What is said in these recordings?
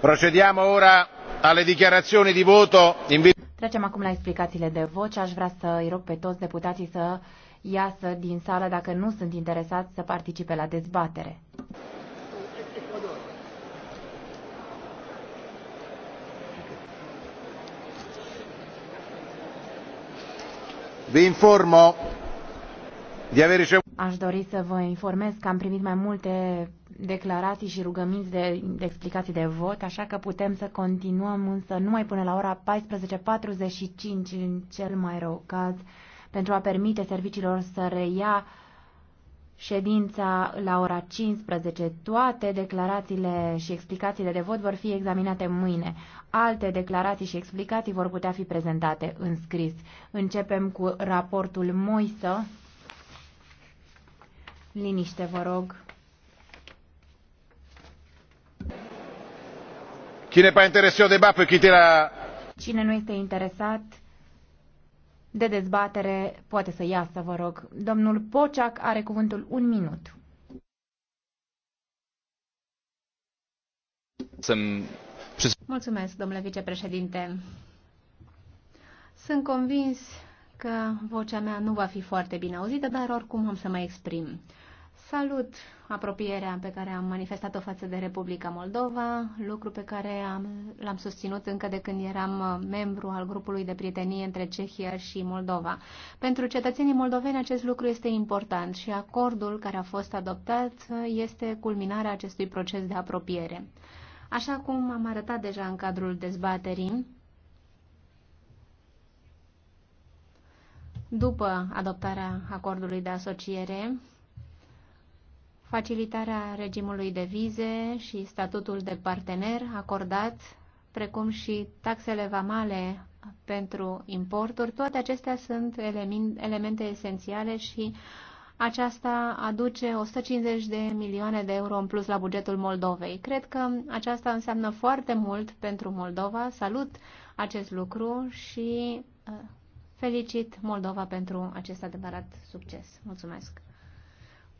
Procediamo ora alle dichiarazioni di voto. Trecem acum la explicațiile de voce. Aș vrea să îi rog pe toți deputații să iasă din sală dacă nu sunt interesați să participe la dezbatere. Vi informo di aver ricevuto Aș dori să vă informez că am primit mai multe declarații și rugăminți de, de explicații de vot, așa că putem să continuăm însă numai până la ora 14.45 în cel mai rău caz, pentru a permite serviciilor să reia ședința la ora 15. Toate declarațiile și explicațiile de vot vor fi examinate mâine. Alte declarații și explicații vor putea fi prezentate în scris. Începem cu raportul Moisă. Liniște, vă rog. Cine peut la... Cine nu este interesat de dezbatere, poate să iasă, vă rog. Domnul Pociac are cuvântul un minut. Mulțumesc, domnule vicepreședinte. Sunt convins că vocea mea nu va fi foarte bine auzită, dar oricum am să mă exprim. Salut apropierea pe care am manifestat-o față de Republica Moldova, lucru pe care am, l-am susținut încă de când eram uh, membru al grupului de prietenie între Cehia și Moldova. Pentru cetățenii moldoveni acest lucru este important și acordul care a fost adoptat uh, este culminarea acestui proces de apropiere. Așa cum am arătat deja în cadrul dezbaterii, după adoptarea acordului de asociere, facilitarea regimului de vize și statutul de partener acordat, precum și taxele vamale pentru importuri, toate acestea sunt elemente esențiale și aceasta aduce 150 de milioane de euro în plus la bugetul Moldovei. Cred că aceasta înseamnă foarte mult pentru Moldova. Salut acest lucru și uh, felicit Moldova pentru acest adevărat succes. Mulțumesc!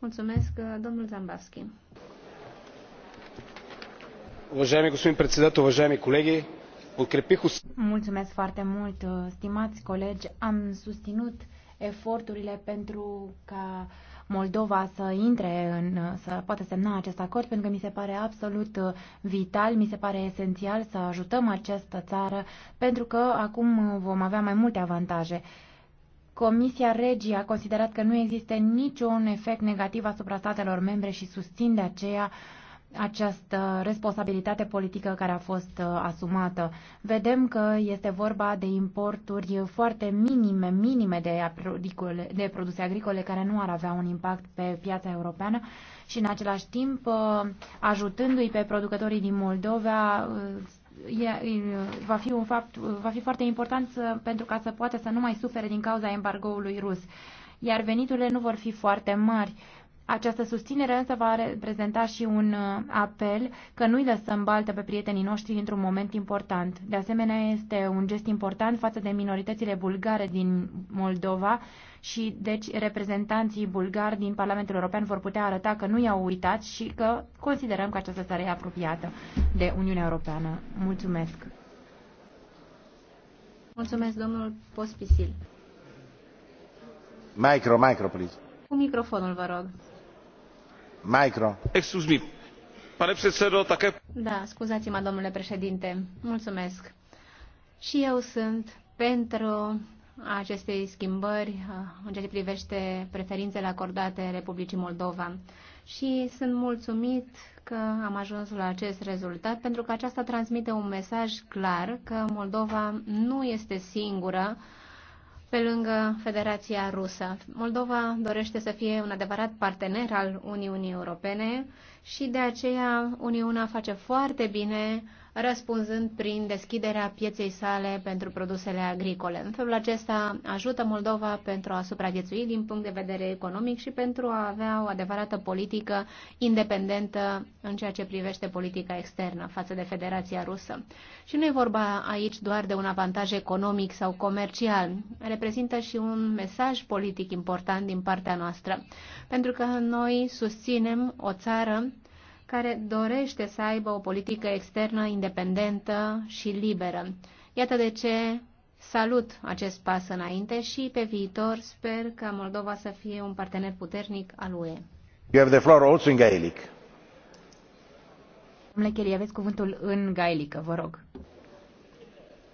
Mulțumesc, uh, domnul Zambavski. Уважаеми господин председател, уважаеми колеги, подкрепих... Mulțumesc foarte mult, uh, stimați colegi. Am susținut eforturile pentru ca Moldova să intre în, uh, să poată semna acest acord, pentru că mi se pare absolut vital, mi se pare esențial să ajutăm această țară, pentru că acum vom avea mai multe avantaje. Comisia Regii a considerat că nu există niciun efect negativ asupra statelor membre și susțin de aceea această responsabilitate politică care a fost uh, asumată. Vedem că este vorba de importuri foarte minime, minime de, agricole, de produse agricole care nu ar avea un impact pe piața europeană și în același timp uh, ajutându-i pe producătorii din Moldova uh, va fi un fapt, va fi foarte important să, pentru ca să poată să nu mai sufere din cauza embargoului rus. Iar veniturile nu vor fi foarte mari. Această susținere însă va reprezenta și un uh, apel că nu-i lăsăm baltă pe prietenii noștri într-un moment important. De asemenea, este un gest important față de minoritățile bulgare din Moldova și deci reprezentanții bulgari din Parlamentul European vor putea arăta că nu i-au uitat și că considerăm că această țară e apropiată de Uniunea Europeană. Mulțumesc! Mulțumesc, domnul Pospisil. Micro, micro, please. Cu microfonul, vă rog. Da, scuzați mă domnule președinte mulțumesc și eu sunt pentru aceste schimbări uh, în ceea ce privește preferințele acordate Republicii Moldova și sunt mulțumit că am ajuns la acest rezultat pentru că aceasta transmite un mesaj clar că Moldova nu este singură în pe lângă Federația Rusă. Moldova dorește să fie un adevărat partener al Uniunii Europene și de aceea Uniunea face foarte bine răspunzând prin deschiderea pieței sale pentru produsele agricole. În felul acesta ajută Moldova pentru a supraviețui din punct de vedere economic și pentru a avea o adevărată politică independentă în ceea ce privește politica externă față de Federația Rusă. Și nu e vorba aici doar de un avantaj economic sau comercial, reprezintă și un mesaj politic important din partea noastră, pentru că noi susținem o țară care dorește să aibă o politică externă independentă și liberă. Iată de ce salut acest pas înainte și pe viitor sper ca Moldova să fie un partener puternic al UE. You have the floor also in Gaelic. Domnule Kelly, aveți cuvântul în gaelică, vă rog.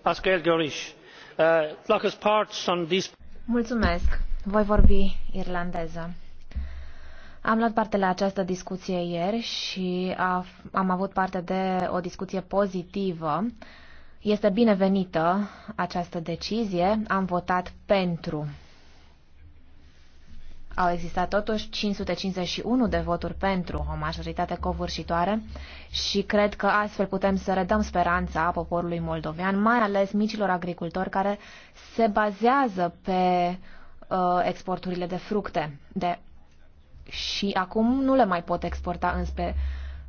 Pascal Gorish, uh, Mulțumesc. Voi vorbi irlandeză. Am luat parte la această discuție ieri și a, am avut parte de o discuție pozitivă. Este binevenită această decizie. Am votat pentru. Au existat totuși 551 de voturi pentru, o majoritate covârșitoare și cred că astfel putem să redăm speranța poporului moldovean, mai ales micilor agricultori care se bazează pe uh, exporturile de fructe, de și acum nu le mai pot exporta înspre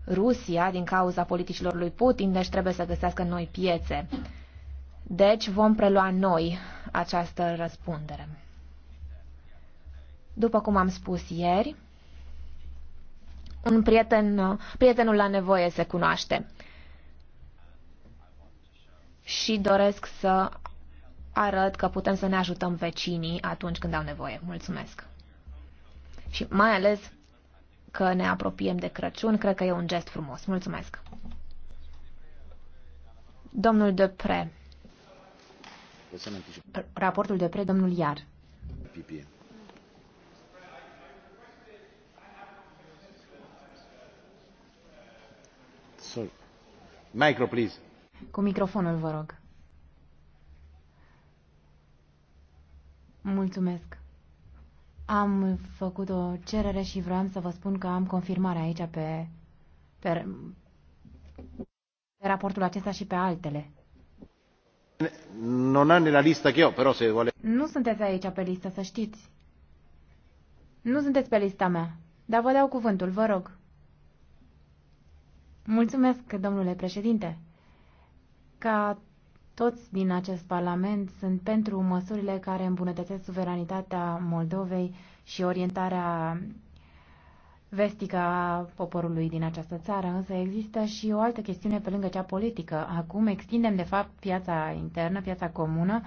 Rusia din cauza politicilor lui Putin, deci trebuie să găsească noi piețe. Deci vom prelua noi această răspundere. După cum am spus ieri, un prieten, prietenul la nevoie se cunoaște. Și doresc să arăt că putem să ne ajutăm vecinii atunci când au nevoie. Mulțumesc! și mai ales că ne apropiem de Crăciun. Cred că e un gest frumos. Mulțumesc. Domnul Depre. Raportul Depre, domnul Iar. Micro, please. Cu microfonul, vă rog. Mulțumesc. Am făcut o cerere și vreau să vă spun că am confirmare aici pe, pe, pe raportul acesta și pe altele. Non ha la lista che ho, però se vuole... Nu sunteți aici pe listă, să știți. Nu sunteți pe lista mea, dar vă dau cuvântul, vă rog. Mulțumesc, domnule președinte. Ca toți din acest Parlament sunt pentru măsurile care îmbunătățesc suveranitatea Moldovei și orientarea vestică a poporului din această țară, însă există și o altă chestiune pe lângă cea politică. Acum extindem, de fapt, piața internă, piața comună,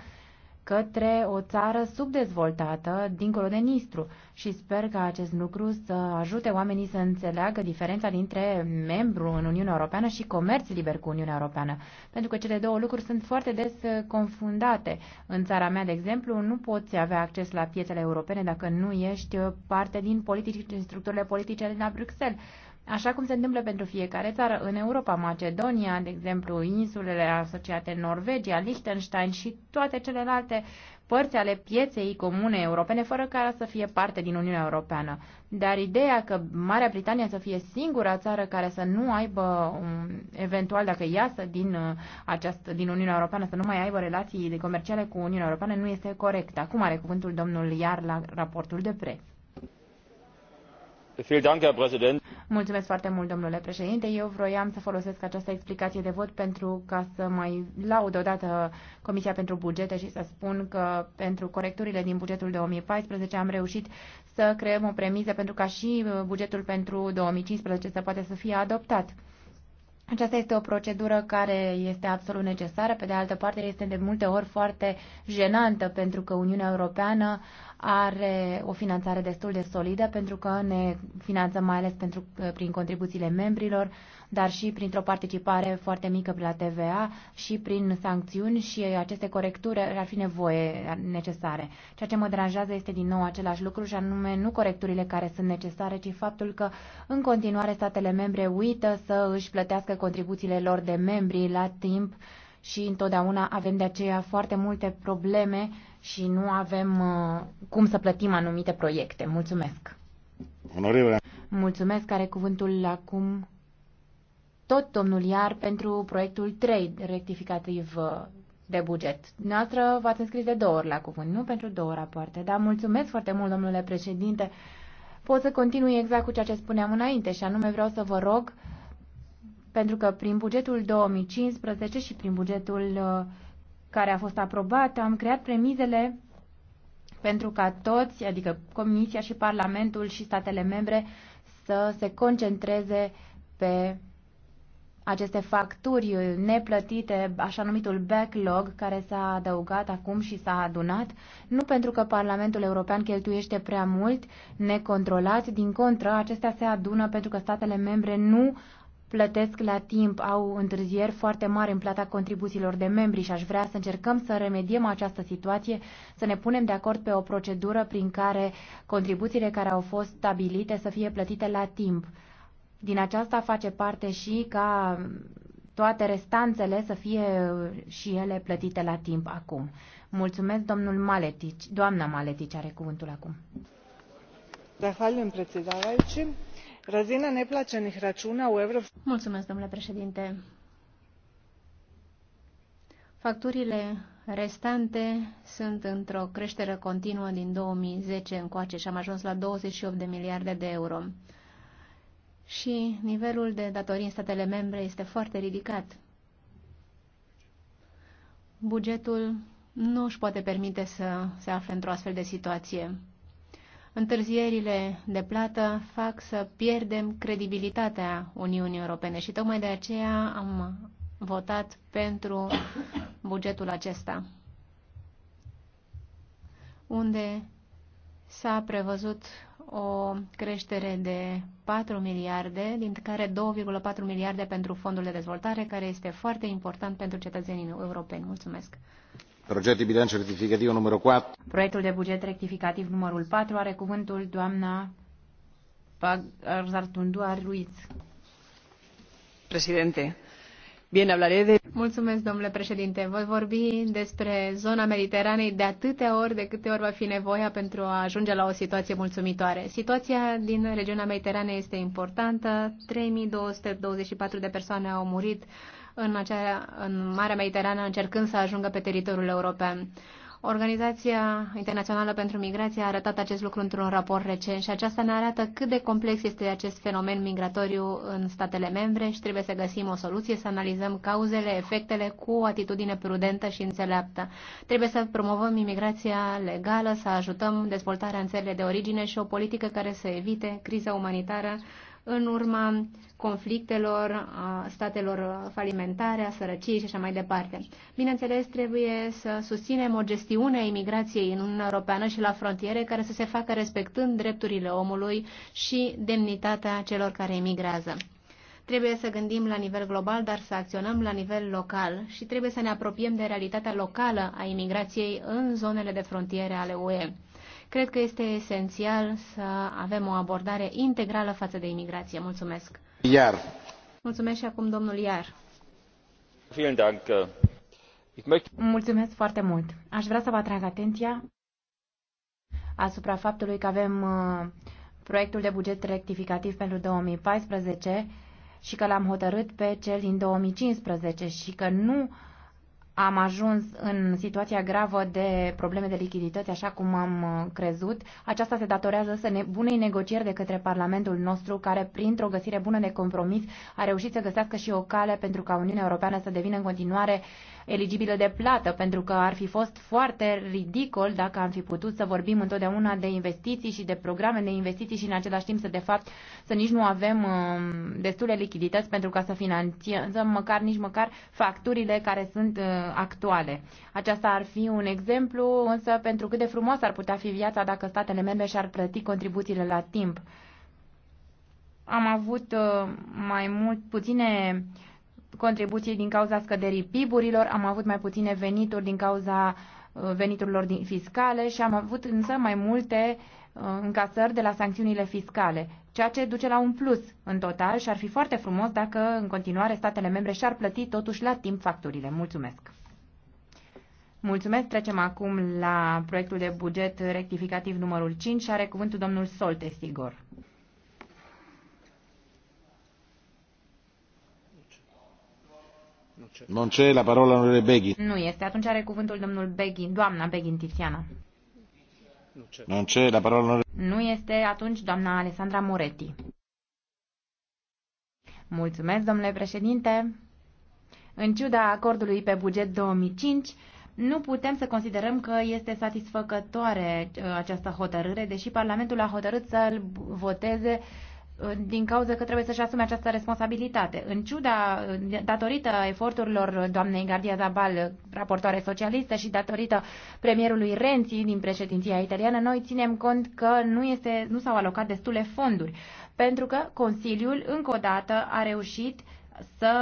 către o țară subdezvoltată dincolo de Nistru și sper că acest lucru să ajute oamenii să înțeleagă diferența dintre membru în Uniunea Europeană și comerț liber cu Uniunea Europeană, pentru că cele două lucruri sunt foarte des uh, confundate. În țara mea, de exemplu, nu poți avea acces la piețele europene dacă nu ești uh, parte din politici, din structurile politice de la Bruxelles așa cum se întâmplă pentru fiecare țară. În Europa, Macedonia, de exemplu, insulele asociate Norvegia, Liechtenstein și toate celelalte părți ale pieței comune europene, fără ca să fie parte din Uniunea Europeană. Dar ideea că Marea Britanie să fie singura țară care să nu aibă, eventual, dacă iasă din, uh, această, din Uniunea Europeană, să nu mai aibă relații comerciale cu Uniunea Europeană, nu este corectă. Acum are cuvântul domnul Iar la raportul de preț. Mulțumesc foarte mult, domnule președinte. Eu vroiam să folosesc această explicație de vot pentru ca să mai laud odată Comisia pentru Bugete și să spun că pentru corecturile din bugetul 2014 am reușit să creăm o premiză pentru ca și uh, bugetul pentru 2015 să poate să fie adoptat. Aceasta este o procedură care este absolut necesară, pe de altă parte este de multe ori foarte jenantă pentru că Uniunea Europeană are o finanțare destul de solidă pentru că ne finanțăm mai ales pentru, uh, prin contribuțiile membrilor, dar și printr-o participare foarte mică la TVA și prin sancțiuni și aceste corecturi ar fi nevoie necesare. Ceea ce mă deranjează este din nou același lucru și anume nu corecturile care sunt necesare, ci faptul că în continuare statele membre uită să își plătească contribuțiile lor de membri la timp și întotdeauna avem de aceea foarte multe probleme și nu avem uh, cum să plătim anumite proiecte. Mulțumesc! Onorevole. Mulțumesc, are cuvântul acum tot domnul Iar pentru proiectul 3 rectificativ uh, de buget. Noastră v-ați înscris de două ori la cuvânt, nu pentru două rapoarte, dar mulțumesc foarte mult, domnule președinte. Pot să continui exact cu ceea ce spuneam înainte și anume vreau să vă rog, pentru că prin bugetul 2015 și prin bugetul uh, care a fost aprobată, am creat premizele pentru ca toți, adică Comisia și Parlamentul și statele membre, să se concentreze pe aceste facturi neplătite, așa numitul backlog, care s-a adăugat acum și s-a adunat, nu pentru că Parlamentul European cheltuiește prea mult, necontrolat, din contră, acestea se adună pentru că statele membre nu plătesc la timp, au întârzieri foarte mari în plata contribuțiilor de membri și aș vrea să încercăm să remediem această situație, să ne punem de acord pe o procedură prin care contribuțiile care au fost stabilite să fie plătite la timp. Din aceasta face parte și ca toate restanțele să fie și ele plătite la timp acum. Mulțumesc, domnul Maletici. Doamna Maletici are cuvântul acum. Zahvaljujem da, predsjedavajući razina neplaćenih računa u europskoj Mulțumesc, domnule președinte. Facturile restante sunt într-o creștere continuă din 2010 încoace și am ajuns la 28 de miliarde de euro. Și nivelul de datorii în statele membre este foarte ridicat. Bugetul nu își poate permite să se afle într-o astfel de situație. Întârzierile de plată fac să pierdem credibilitatea Uniunii Europene și tocmai de aceea am votat pentru bugetul acesta, unde s-a prevăzut o creștere de 4 miliarde, dintre care 2,4 miliarde pentru fondul de dezvoltare, care este foarte important pentru cetățenii europeni. Mulțumesc! Proiectul de bilanț rectificativ numărul 4. Proiectul de buget rectificativ numărul 4 are cuvântul doamna Pagarzartundu Ruiz. Președinte, Bine, hablaré de... Mulțumesc, domnule președinte. Voi vorbi despre zona Mediteranei de atâtea ori de câte ori va fi nevoia pentru a ajunge la o situație mulțumitoare. Situația din regiunea Mediteranei este importantă. 3224 de persoane au murit în, acea, în Marea Mediterană încercând să ajungă pe teritoriul european. Organizația Internațională pentru Migrație a arătat acest lucru într-un raport recent și aceasta ne arată cât de complex este acest fenomen migratoriu în statele membre și trebuie să găsim o soluție, să analizăm cauzele, efectele cu o atitudine prudentă și înțeleaptă. Trebuie să promovăm imigrația legală, să ajutăm dezvoltarea în țările de origine și o politică care să evite criza umanitară în urma conflictelor, a statelor falimentare, a sărăciei și așa mai departe. Bineînțeles, trebuie să susținem o gestiune a imigrației în Uniunea Europeană și la frontiere care să se facă respectând drepturile omului și demnitatea celor care emigrează. Trebuie să gândim la nivel global, dar să acționăm la nivel local și trebuie să ne apropiem de realitatea locală a imigrației în zonele de frontiere ale UE. Cred că este esențial să avem o abordare integrală față de imigrație. Mulțumesc! Iar. Mulțumesc și acum domnul Iar. Mulțumesc foarte mult. Aș vrea să vă atrag atenția asupra faptului că avem uh, proiectul de buget rectificativ pentru 2014 și că l-am hotărât pe cel din 2015 și că nu am ajuns în situația gravă de probleme de lichidități, așa cum am uh, crezut. Aceasta se datorează să bunei negocieri de către Parlamentul nostru, care, printr-o găsire bună de compromis, a reușit să găsească și o cale pentru ca Uniunea Europeană să devină în continuare eligibilă de plată, pentru că ar fi fost foarte ridicol dacă am fi putut să vorbim întotdeauna de investiții și de programe de investiții și în același timp să, de fapt, să nici nu avem um, destule lichidități pentru ca să finanțăm măcar nici măcar facturile care sunt uh, actuale. Aceasta ar fi un exemplu, însă, pentru cât de frumos ar putea fi viața dacă statele membre și-ar plăti contribuțiile la timp. Am avut uh, mai mult puține uh, contribuții din cauza scăderii PIB-urilor, am avut mai puține venituri din cauza uh, veniturilor fiscale și am avut însă mai multe uh, încasări de la sancțiunile fiscale, ceea ce duce la un plus în total și ar fi foarte frumos dacă în continuare statele membre și-ar plăti totuși la timp facturile. Mulțumesc! Mulțumesc! Trecem acum la proiectul de buget rectificativ numărul 5 și are cuvântul domnul Solte Sigur. Nu este. Atunci are cuvântul domnul Beghin, doamna Beghin Tiziana. Nu este. Atunci doamna Alessandra Moretti. Mulțumesc, domnule președinte. În ciuda acordului pe buget 2005, nu putem să considerăm că este satisfăcătoare uh, această hotărâre, deși Parlamentul a hotărât să-l voteze uh, din cauza că trebuie să-și asume această responsabilitate. În ciuda, datorită eforturilor doamnei Gardia Zabal, raportoare socialistă, și datorită premierului Renzi din președinția italiană, noi ținem cont că nu, este, nu s-au alocat destule fonduri, pentru că Consiliul, încă o dată, a reușit uh, să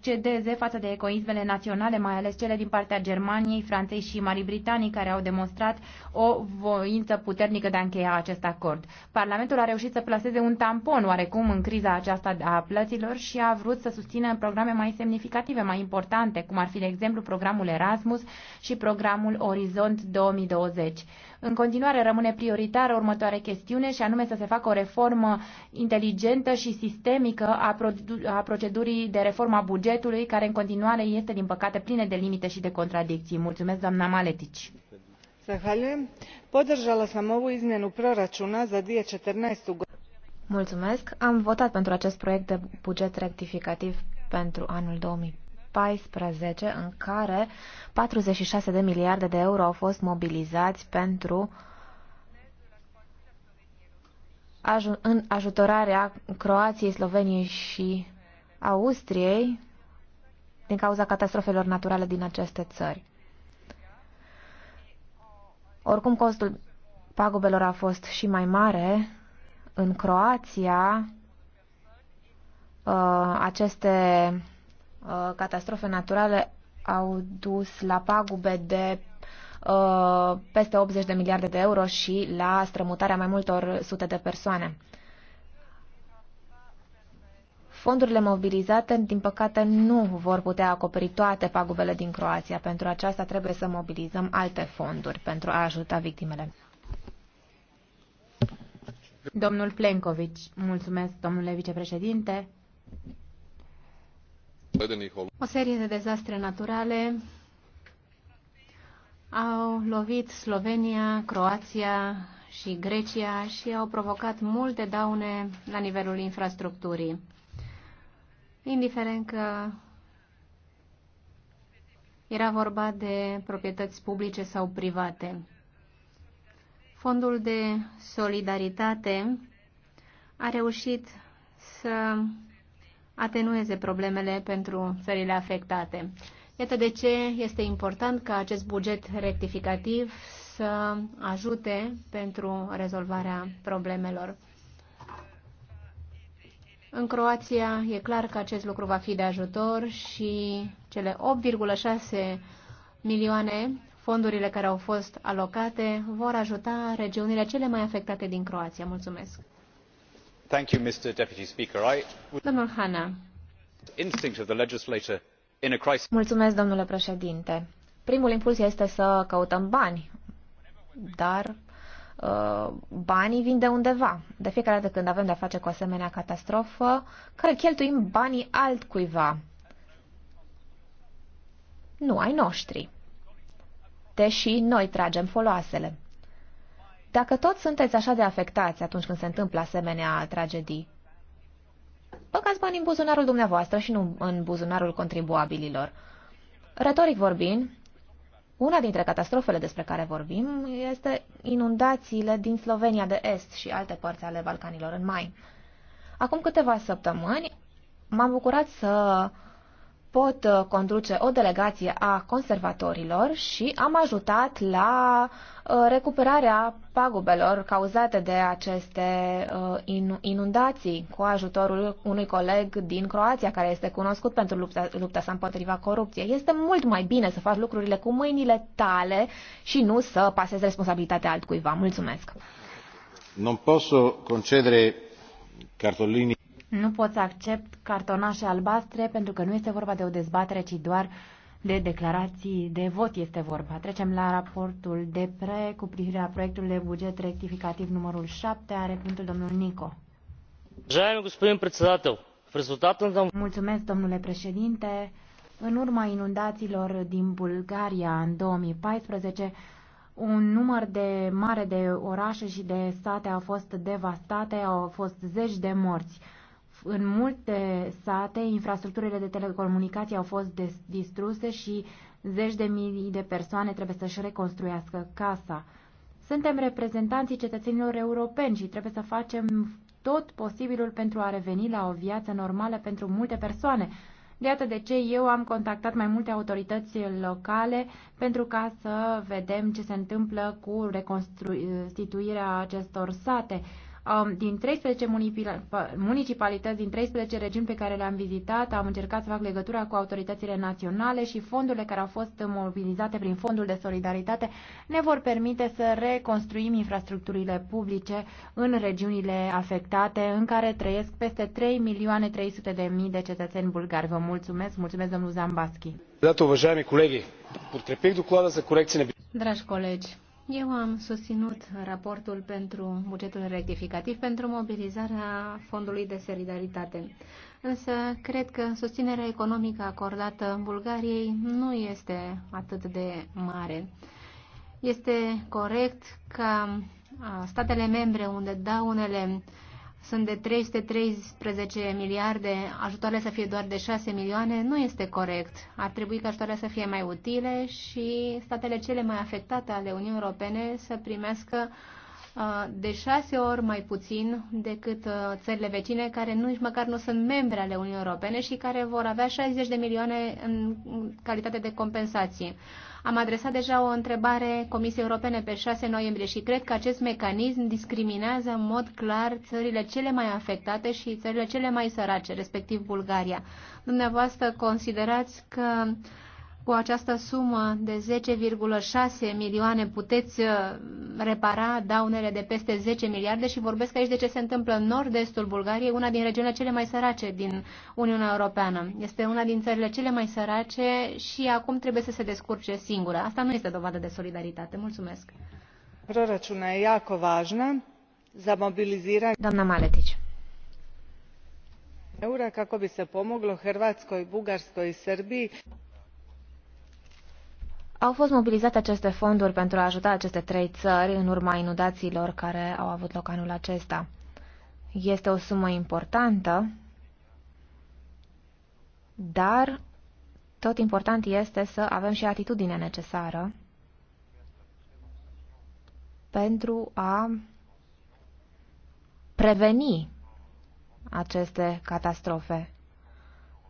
cedeze față de egoismele naționale, mai ales cele din partea Germaniei, Franței și Marii Britanii, care au demonstrat o voință puternică de a încheia acest acord. Parlamentul a reușit să plaseze un tampon oarecum în criza aceasta a plăților și a vrut să susțină programe mai semnificative, mai importante, cum ar fi, de exemplu, programul Erasmus și programul Orizont 2020. În continuare rămâne prioritară următoare chestiune și anume să se facă o reformă inteligentă și sistemică a, pro- a procedurii de reforma bugetului, care în continuare este, din păcate, plină de limite și de contradicții. Mulțumesc, doamna Maletici. Zahvaljujem. Podržala sam ovu izmjenu proračuna za 2014 godinu. Mulțumesc. Am votat pentru acest proiect de buget rectificativ pentru anul 2014. 2014, în care 46 de miliarde de euro au fost mobilizați pentru aj în ajutorarea Croației, Sloveniei și Austriei din cauza catastrofelor naturale din aceste țări. Oricum, costul pagubelor a fost și mai mare. În Croația, uh, aceste Uh, catastrofe naturale au dus la pagube de uh, peste 80 de miliarde de euro și la strămutarea mai multor sute de persoane. Fondurile mobilizate, din păcate, nu vor putea acoperi toate pagubele din Croația. Pentru aceasta trebuie să mobilizăm alte fonduri pentru a ajuta victimele. Domnul Plenković, mulțumesc, domnule vicepreședinte. O serie de dezastre naturale au lovit Slovenia, Croația și Grecia și au provocat multe daune la nivelul infrastructurii. Indiferent că era vorba de proprietăți publice sau private. Fondul de solidaritate a reușit să atenueze problemele pentru țările afectate. Iată de ce este important ca acest buget rectificativ să ajute pentru rezolvarea problemelor. În Croația e clar că acest lucru va fi de ajutor și cele 8,6 milioane fondurile care au fost alocate vor ajuta regiunile cele mai afectate din Croația. Mulțumesc! Mulțumesc, domnule președinte. Primul impuls este să căutăm bani, dar uh, banii vin de undeva. De fiecare dată când avem de-a face cu o asemenea catastrofă, care cheltuim banii altcuiva. Nu ai noștri. Deși noi tragem foloasele. Dacă toți sunteți așa de afectați atunci când se întâmplă asemenea tragedii, băgați bani în buzunarul dumneavoastră și nu în buzunarul contribuabililor. Retoric vorbind, una dintre catastrofele despre care vorbim este inundațiile din Slovenia de Est și alte părți ale Balcanilor în mai. Acum câteva săptămâni m-am bucurat să pot uh, conduce o delegație a conservatorilor și am ajutat la uh, recuperarea pagubelor cauzate de aceste uh, inundații cu ajutorul unui coleg din Croația care este cunoscut pentru lupta, lupta sa împotriva corupției. Este mult mai bine să faci lucrurile cu mâinile tale și nu să pasezi responsabilitatea altcuiva. Mulțumesc! Non posso concedere cartolini nu pot să accept cartonașe albastre pentru că nu este vorba de o dezbatere, ci doar de declarații de vot este vorba. Trecem la raportul de pre cu privire la proiectul de buget rectificativ numărul 7. Are cuvântul domnul Nico. Mulțumesc, domnule președinte. În urma inundațiilor din Bulgaria în 2014, un număr de mare de orașe și de sate au fost devastate, au fost zeci de morți. În multe sate, infrastructurile de telecomunicații au fost distruse și zeci de mii de persoane trebuie să-și reconstruiască casa. Suntem reprezentanții cetățenilor europeni și trebuie să facem tot posibilul pentru a reveni la o viață normală pentru multe persoane. De iată de ce eu am contactat mai multe autorități locale pentru ca să vedem ce se întâmplă cu reconstituirea acestor sate. Din 13 municipalități, din 13 regiuni pe care le-am vizitat, am încercat să fac legătura cu autoritățile naționale și fondurile care au fost mobilizate prin Fondul de Solidaritate ne vor permite să reconstruim infrastructurile publice în regiunile afectate, în care trăiesc peste 3 milioane 300 de mii de cetățeni bulgari. Vă mulțumesc, mulțumesc domnul Zambaschi. Dragi colegi, eu am susținut raportul pentru bugetul rectificativ pentru mobilizarea Fondului de Solidaritate. Însă, cred că susținerea economică acordată Bulgariei nu este atât de mare. Este corect ca statele membre unde daunele uh, sunt de 313 miliarde, ajutoarele să fie doar de 6 milioane, nu este corect. Ar trebui ca ajutoarele să fie mai utile și statele cele mai afectate ale Uniunii Europene să primească uh, de șase ori mai puțin decât uh, țările vecine care nici măcar nu sunt membre ale Uniunii Europene și care vor avea 60 de milioane în calitate de compensație. Am adresat deja o întrebare Comisiei Europene pe 6 noiembrie și cred că acest mecanism discriminează în mod clar țările cele mai afectate și țările cele mai sărace, respectiv Bulgaria. Dumneavoastră considerați că uh, cu această sumă de 10,6 milioane puteți uh, repara daunele de peste 10 miliarde și vorbesc aici de ce se întâmplă în nord-estul Bulgariei, una din regiunile cele mai sărace din Uniunea Europeană. Este una din țările cele mai sărace și acum trebuie să se descurce singură. Asta nu este dovadă de solidaritate. Mulțumesc. Proračuna e jako važna za mobilizirea... Doamna Maletici. eura kako bi se pomoglo hrvatskoj bugarskoj i srbiji. Au fost mobilizate aceste fonduri pentru a ajuta aceste trei țări în urma inundațiilor care au avut loc anul acesta. Este o sumă importantă, dar tot important este să avem și atitudinea necesară pentru a preveni aceste catastrofe.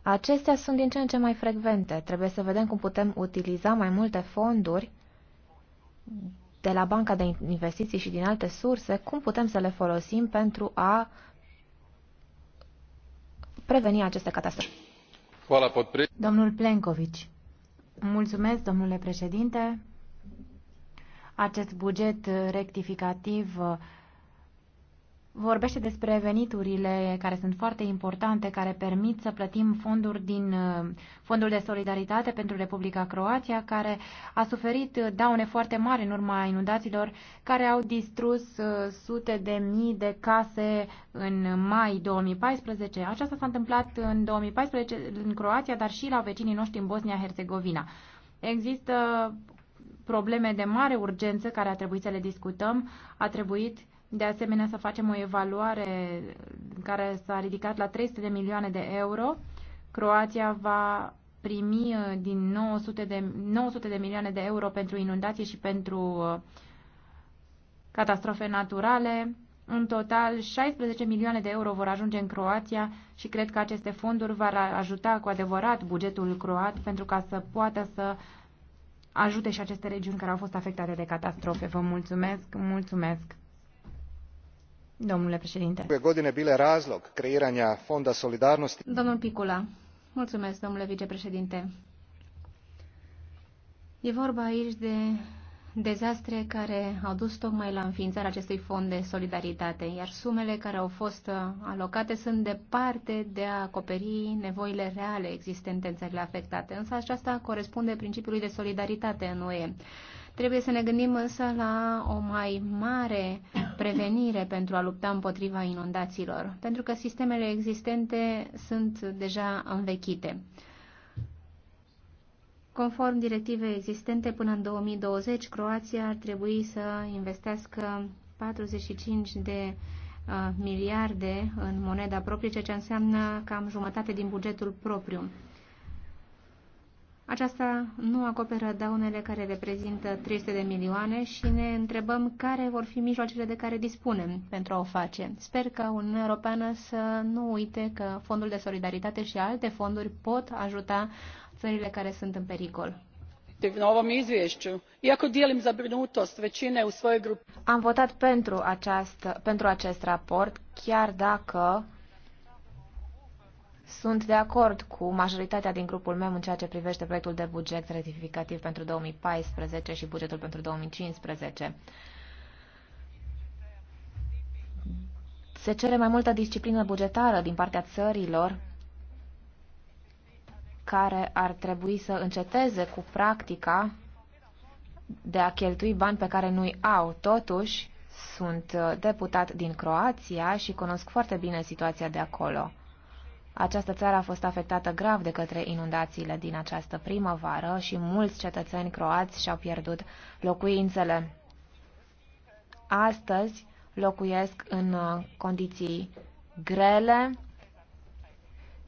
Acestea sunt din ce în ce mai frecvente. Trebuie să vedem cum putem utiliza mai multe fonduri de la Banca de Investiții și din alte surse, cum putem să le folosim pentru a preveni aceste catastrofe. Domnul Plenkovici. Mulțumesc, domnule președinte. Acest buget rectificativ vorbește despre veniturile care sunt foarte importante, care permit să plătim fonduri din uh, Fondul de Solidaritate pentru Republica Croația, care a suferit uh, daune foarte mari în urma inundațiilor, care au distrus uh, sute de mii de case în mai 2014. Aceasta s-a întâmplat în 2014 în Croația, dar și la vecinii noștri în Bosnia-Herzegovina. Există probleme de mare urgență care a trebuit să le discutăm. A trebuit de asemenea, să facem o evaluare care s-a ridicat la 300 de milioane de euro. Croația va primi uh, din 900 de, 900 de milioane de euro pentru inundații și pentru uh, catastrofe naturale. În total, 16 milioane de euro vor ajunge în Croația și cred că aceste fonduri vor ajuta cu adevărat bugetul croat pentru ca să poată să ajute și aceste regiuni care au fost afectate de catastrofe. Vă mulțumesc, mulțumesc! Domnule președinte. godine bile razlog creiranja Fonda Solidarnosti. Domnul Picula, mulțumesc, domnule vicepreședinte. E vorba aici de dezastre care au dus tocmai la înființarea acestui fond de solidaritate, iar sumele care au fost uh, alocate sunt departe de a acoperi nevoile reale existente în țările afectate, însă aceasta corespunde principiului de solidaritate în UE. Trebuie să ne gândim însă la o mai mare prevenire pentru a lupta împotriva inundațiilor, pentru că sistemele existente sunt deja învechite. Conform directivei existente, până în 2020, Croația ar trebui să investească 45 de uh, miliarde în moneda proprie, ceea ce înseamnă cam jumătate din bugetul propriu. Aceasta nu acoperă daunele care reprezintă 300 de milioane și ne întrebăm care vor fi mijloacele de care dispunem pentru a o face. Sper că Uniunea Europeană să nu uite că Fondul de Solidaritate și alte fonduri pot ajuta țările care sunt în pericol. Am votat pentru, această, pentru acest raport, chiar dacă sunt de acord cu majoritatea din grupul meu în ceea ce privește proiectul de buget rectificativ pentru 2014 și bugetul pentru 2015. Se cere mai multă disciplină bugetară din partea țărilor care ar trebui să înceteze cu practica de a cheltui bani pe care nu-i au. Totuși, sunt deputat din Croația și cunosc foarte bine situația de acolo. Această țară a fost afectată grav de către inundațiile din această primăvară și mulți cetățeni croați și-au pierdut locuințele. Astăzi locuiesc în uh, condiții grele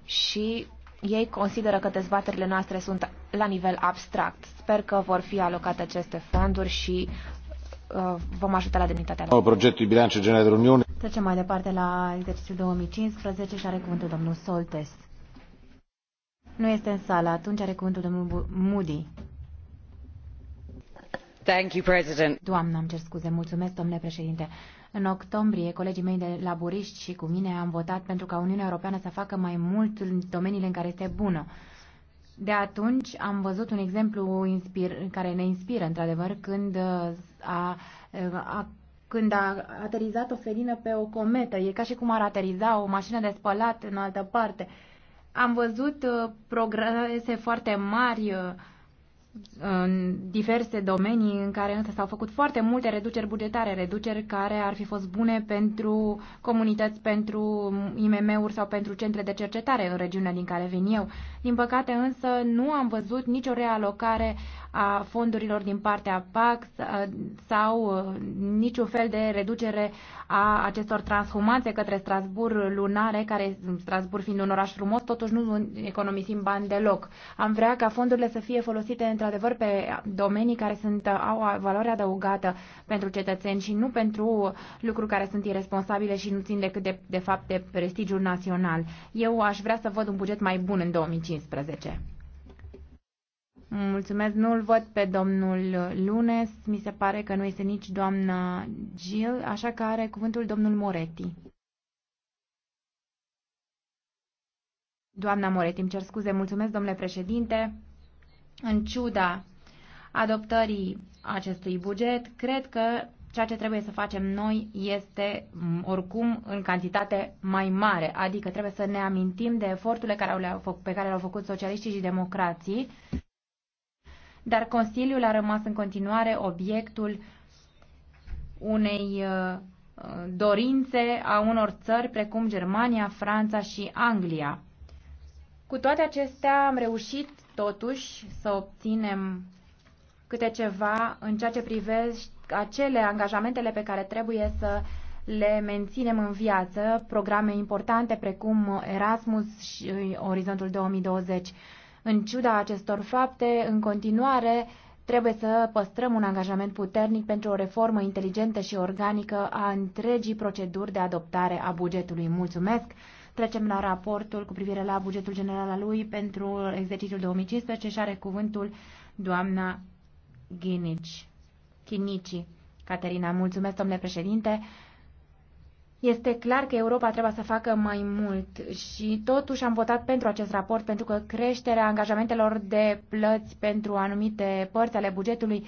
și ei consideră că dezbaterile noastre sunt la nivel abstract. Sper că vor fi alocate aceste fonduri și uh, vom ajuta la demnitatea lor. Proiectul general Trecem mai departe la exercițiul 2015 și are cuvântul domnul Soltes. Nu este în sală, atunci are cuvântul domnul Moody. Thank you, President. Doamna, îmi cer scuze, mulțumesc, domnule președinte. În octombrie, colegii mei de laburiști și cu mine am votat pentru ca Uniunea Europeană să facă mai mult în domeniile în care este bună. De atunci am văzut un exemplu inspir, care ne inspiră, într-adevăr, când uh, a, uh, a când a aterizat o felină pe o cometă. E ca și cum ar ateriza o mașină de spălat în altă parte. Am văzut uh, progrese foarte mari uh, în diverse domenii în care însă s-au făcut foarte multe reduceri bugetare, reduceri care ar fi fost bune pentru comunități, pentru IMM-uri sau pentru centre de cercetare în regiunea din care vin eu. Din păcate însă nu am văzut nicio realocare a fondurilor din partea PAC uh, sau uh, niciun fel de reducere a acestor transhumanțe către Strasbourg lunare, care Strasbourg fiind un oraș frumos, totuși nu economisim bani deloc. Am vrea ca fondurile să fie folosite într-adevăr pe domenii care sunt, uh, au valoare adăugată pentru cetățeni și nu pentru lucruri care sunt irresponsabile și nu țin decât de, de fapt de prestigiul național. Eu aș vrea să văd un buget mai bun în 2015. 15. Mulțumesc, nu-l văd pe domnul Lunes, mi se pare că nu este nici doamna Gil, așa că are cuvântul domnul Moretti. Doamna Moretti, îmi cer scuze, mulțumesc, domnule președinte. În ciuda adoptării acestui buget, cred că ceea ce trebuie să facem noi este oricum în cantitate mai mare, adică trebuie să ne amintim de eforturile care au, pe care le-au făcut socialiștii și democrații, dar Consiliul a rămas în continuare obiectul unei uh, uh, dorințe a unor țări precum Germania, Franța și Anglia. Cu toate acestea am reușit totuși să obținem câte ceva în ceea ce privește acele angajamentele pe care trebuie să le menținem în viață, programe importante precum Erasmus și Orizontul 2020. În ciuda acestor fapte, în continuare, trebuie să păstrăm un angajament puternic pentru o reformă inteligentă și organică a întregii proceduri de adoptare a bugetului. Mulțumesc! Trecem la raportul cu privire la bugetul general al lui pentru exercițiul 2015 și are cuvântul doamna Ghinici chinicii. Caterina, mulțumesc, domnule președinte. Este clar că Europa trebuie să facă mai mult și totuși am votat pentru acest raport pentru că creșterea angajamentelor de plăți pentru anumite părți ale bugetului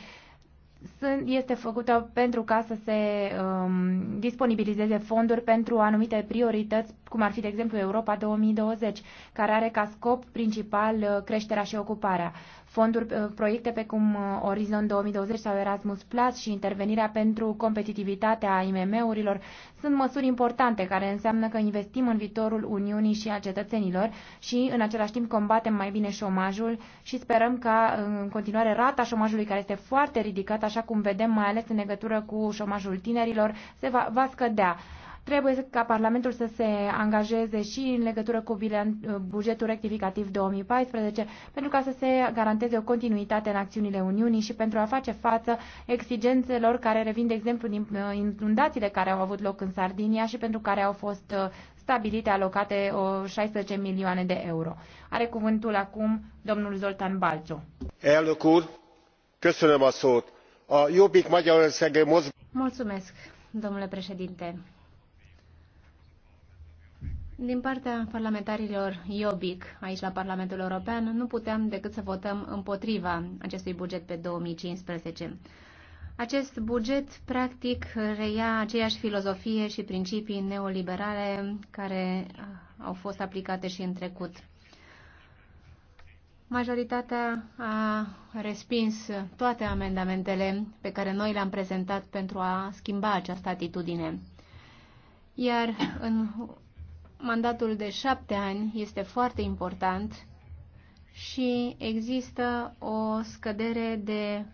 sunt, este făcută pentru ca să se um, disponibilizeze fonduri pentru anumite priorități cum ar fi, de exemplu, Europa 2020, care are ca scop principal uh, creșterea și ocuparea. Fonduri, uh, proiecte pe cum uh, Orizon 2020 sau Erasmus Plus și intervenirea pentru competitivitatea IMM-urilor sunt măsuri importante care înseamnă că investim în viitorul Uniunii și a cetățenilor și în același timp combatem mai bine șomajul și sperăm ca în continuare rata șomajului care este foarte ridicată, așa cum vedem mai ales în legătură cu șomajul tinerilor, se va, va scădea. Trebuie ca Parlamentul să se angajeze și în legătură cu bugetul rectificativ 2014 pentru ca să se garanteze o continuitate în acțiunile Uniunii și pentru a face față exigențelor care revin, de exemplu, din uh, inundațiile care au avut loc în Sardinia și pentru care au fost uh, stabilite alocate 16 milioane de euro. Are cuvântul acum domnul Zoltan Balciu. Elnök úr, köszönöm a szót. A Jobbik Magyarországi Mozgalom... Mulțumesc, domnule președinte. Din partea parlamentarilor Iobic, aici la Parlamentul European, nu puteam decât să votăm împotriva acestui buget pe 2015. Acest buget, practic, reia aceeași filozofie și principii neoliberale care uh, au fost aplicate și în trecut. Majoritatea a respins toate amendamentele pe care noi le-am prezentat pentru a schimba această atitudine. Iar în mandatul de șapte ani este foarte important și există o scădere de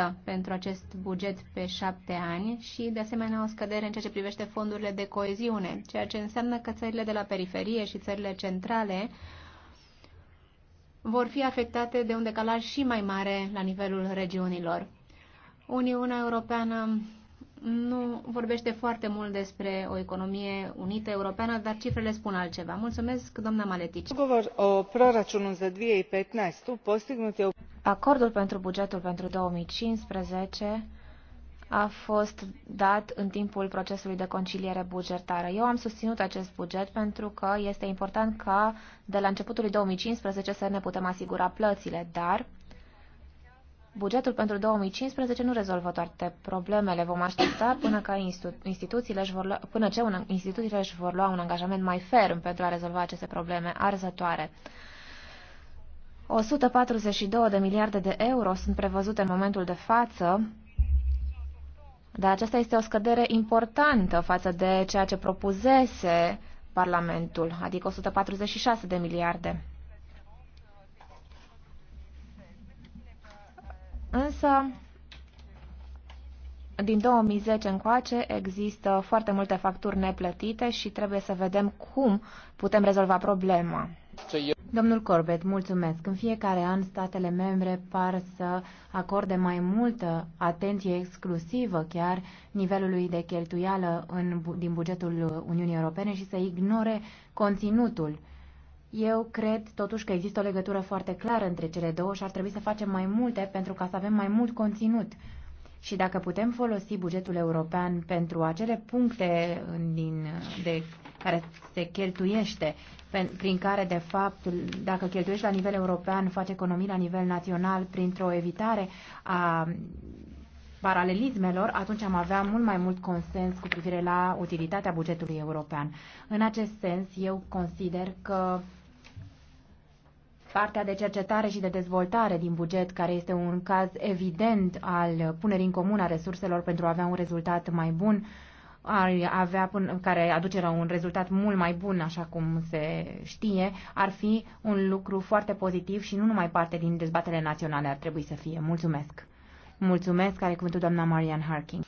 4,5% pentru acest buget pe șapte ani și, de asemenea, o scădere în ceea ce privește fondurile de coeziune, ceea ce înseamnă că țările de la periferie și țările centrale vor fi afectate de un decalaj și mai mare la nivelul regiunilor. Uniunea Europeană nu vorbește foarte mult despre o economie unită europeană, dar cifrele spun altceva. Mulțumesc, doamna Maletici. Acordul pentru bugetul pentru 2015 a fost dat în timpul procesului de conciliere bugetară. Eu am susținut acest buget pentru că este important ca de la începutul 2015 să ne putem asigura plățile, dar Bugetul pentru 2015 nu rezolvă toate problemele. Vom aștepta până, ca institu instituțiile își vor lua, până ce un, instituțiile își vor lua un angajament mai ferm pentru a rezolva aceste probleme arzătoare. 142 de miliarde de euro sunt prevăzute în momentul de față, dar aceasta este o scădere importantă față de ceea ce propuzese Parlamentul, adică 146 de miliarde. Însă, din 2010 încoace există foarte multe facturi neplătite și trebuie să vedem cum putem rezolva problema. Domnul Corbett, mulțumesc. În fiecare an, statele membre par să acorde mai multă atenție exclusivă chiar nivelului de cheltuială în, din bugetul Uniunii Europene și să ignore conținutul eu cred totuși că există o legătură foarte clară între cele două și ar trebui să facem mai multe pentru ca să avem mai mult conținut. Și dacă putem folosi bugetul european pentru acele puncte din, de, care se cheltuiește, prin care, de fapt, dacă cheltuiești la nivel european, faci economii la nivel național printr-o evitare a paralelismelor, atunci am avea mult mai mult consens cu privire la utilitatea bugetului european. În acest sens, eu consider că partea de cercetare și de dezvoltare din buget, care este un caz evident al punerii în comun a resurselor pentru a avea un rezultat mai bun, ar avea până, care aduce la un rezultat mult mai bun, așa cum se știe, ar fi un lucru foarte pozitiv și nu numai parte din dezbatele naționale ar trebui să fie. Mulțumesc! Mulțumesc, care cuvântul doamna Marian Harkin.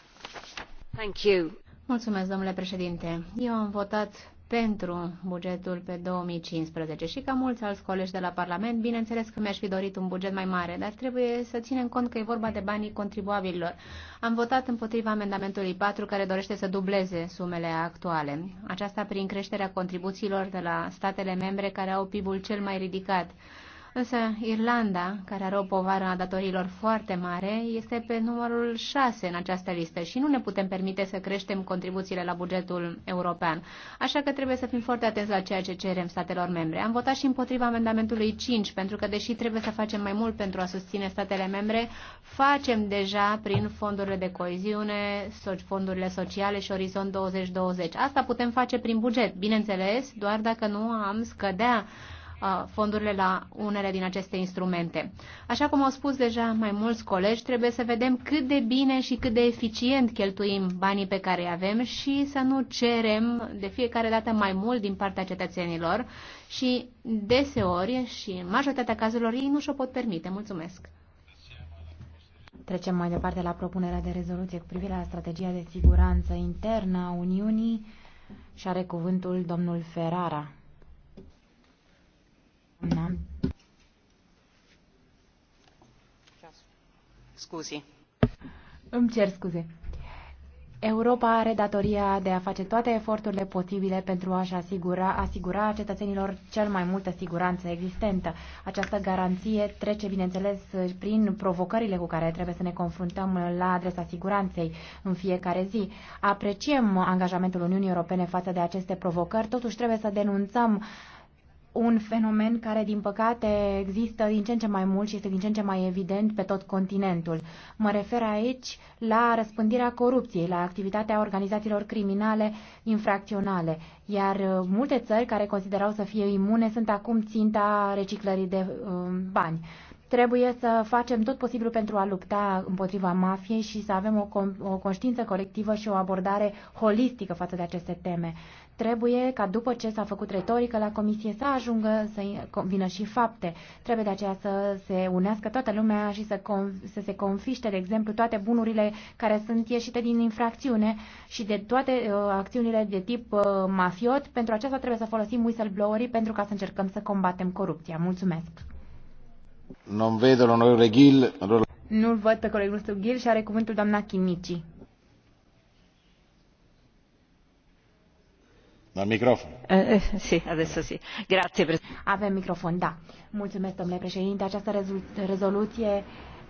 Thank you. Mulțumesc, domnule președinte. Eu am votat pentru bugetul pe 2015 și ca mulți alți colegi de la Parlament, bineînțeles că mi-aș fi dorit un buget mai mare, dar trebuie să ținem cont că e vorba de banii contribuabililor. Am votat împotriva amendamentului 4 care dorește să dubleze sumele actuale, aceasta prin creșterea contribuțiilor de la statele membre care au PIB-ul cel mai ridicat. Însă Irlanda, care are o povară a datorilor foarte mare, este pe numărul 6 în această listă și nu ne putem permite să creștem contribuțiile la bugetul european. Așa că trebuie să fim foarte atenți la ceea ce cerem statelor membre. Am votat și împotriva amendamentului 5, pentru că deși trebuie să facem mai mult pentru a susține statele membre, facem deja prin fondurile de coeziune, fondurile sociale și Orizont 2020. Asta putem face prin buget, bineînțeles, doar dacă nu am scădea Uh, fondurile la unele din aceste instrumente. Așa cum au spus deja mai mulți colegi, trebuie să vedem cât de bine și cât de eficient cheltuim banii pe care îi avem și să nu cerem de fiecare dată mai mult din partea cetățenilor și deseori și în majoritatea cazurilor ei nu și-o pot permite. Mulțumesc! Trecem mai departe la propunerea de rezoluție cu privire la strategia de siguranță internă a Uniunii și are cuvântul domnul Ferrara. Da. Îmi cer scuze. Europa are datoria de a face toate eforturile posibile pentru a-și asigura, asigura cetățenilor cel mai multă siguranță existentă. Această garanție trece, bineînțeles, prin provocările cu care trebuie să ne confruntăm la adresa siguranței în fiecare zi. Apreciem angajamentul Uniunii Europene față de aceste provocări, totuși trebuie să denunțăm uh, un fenomen care, din păcate, există din ce în ce mai mult și este din ce în ce mai evident pe tot continentul. Mă refer aici la răspândirea corupției, la activitatea organizațiilor criminale infracționale, iar uh, multe țări care considerau să fie imune sunt acum ținta reciclării de um, bani. Trebuie să facem tot posibilul pentru a lupta împotriva mafiei și să avem o, o conștiință colectivă și o abordare holistică față de aceste teme. Trebuie ca după ce s-a făcut retorică la comisie să ajungă să vină și fapte. Trebuie de aceea să se unească toată lumea și să, con- să se confiște, de exemplu, toate bunurile care sunt ieșite din infracțiune și de toate uh, acțiunile de tip uh, mafiot. Pentru aceasta trebuie să folosim whistleblowerii pentru ca să încercăm să combatem corupția. Mulțumesc! Nu-l văd pe colegul nostru Gil și are cuvântul doamna Chinici. Eh, eh, Avem microfon, da. Mulțumesc, domnule președinte. Această rezoluție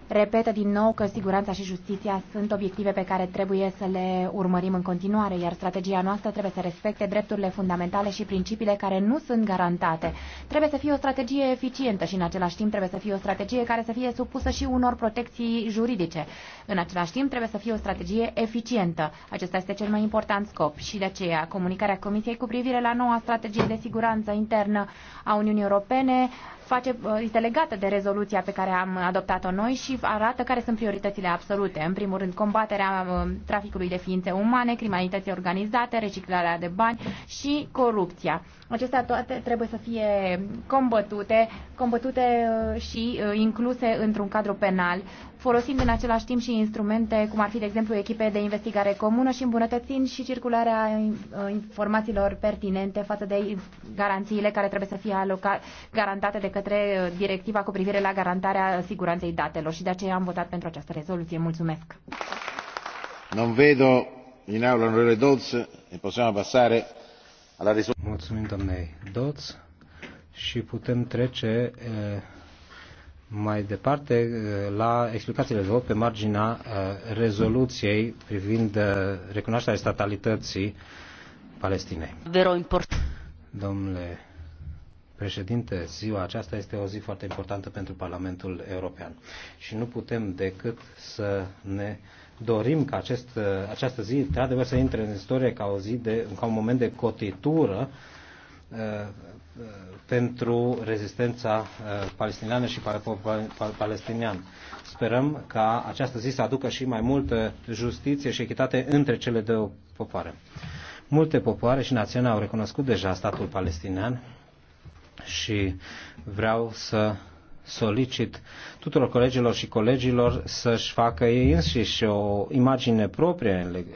Repetă din nou că siguranța și justiția sunt obiective pe care trebuie să le urmărim în continuare, iar strategia noastră trebuie să respecte drepturile fundamentale și principiile care nu sunt garantate. Trebuie să fie o strategie eficientă și în același timp trebuie să fie o strategie care să fie supusă și unor protecții juridice. În același timp trebuie să fie o strategie eficientă. Acesta este cel mai important scop și de aceea comunicarea Comisiei cu privire la noua strategie de siguranță internă a Uniunii Europene face, uh, este legată de rezoluția pe care am adoptat-o noi și arată care sunt prioritățile absolute. În primul rând, combaterea uh, traficului de ființe umane, criminalității organizate, reciclarea de bani și corupția. Acestea toate trebuie să fie combătute, combătute uh, și incluse într-un cadru penal folosind în același timp și instrumente, cum ar fi, de exemplu, echipe de investigare comună și îmbunătățind și circularea uh, informațiilor pertinente față de garanțiile care trebuie să fie alocate, garantate de către uh, directiva cu privire la garantarea siguranței datelor și de aceea am votat pentru această rezoluție. Mulțumesc! Non vedo in aula onorevole Dodds e possiamo passare alla risoluzione. Mulțumim, doamnei Dodds și putem trece eh, mai departe uh, la explicațiile vă pe marginea uh, rezoluției privind uh, recunoașterea statalității Palestinei. Vero Domnule președinte, ziua aceasta este o zi foarte importantă pentru Parlamentul European și nu putem decât să ne dorim ca acest, această zi, de adevăr să intre în istorie ca, o zi de, ca un moment de cotitură pentru rezistența uh, palestiniană și palestinian. Sperăm ca această zi să aducă și mai multă justiție și echitate între cele două popoare. Multe popoare și națiuni au recunoscut deja statul palestinian și vreau să solicit tuturor colegilor și colegilor să-și facă ei înșiși o imagine proprie eh,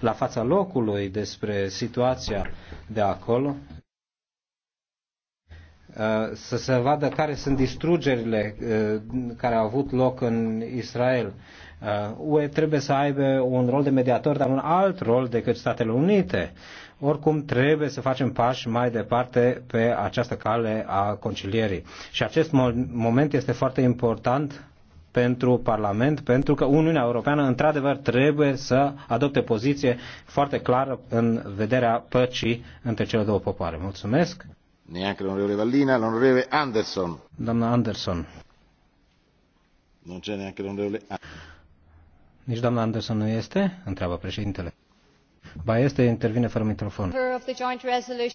la fața locului despre situația de acolo. Uh, să se vadă care sunt distrugerile uh, care au avut loc în Israel. Uh, UE trebuie să aibă un rol de mediator, dar un alt rol decât Statele Unite. Oricum, trebuie să facem pași mai departe pe această cale a concilierii. Și acest moment este foarte important pentru Parlament, pentru că Uniunea Europeană, într-adevăr, trebuie să adopte poziție foarte clară în vederea păcii între cele două popoare. Mulțumesc! neanche l'onorevole Vallina, l'onorevole Anderson. Doamna Anderson. Nu c'è neanche l'onorevole Nici doamna Anderson nu este? Întreabă președintele. Ba este, intervine fără microfon.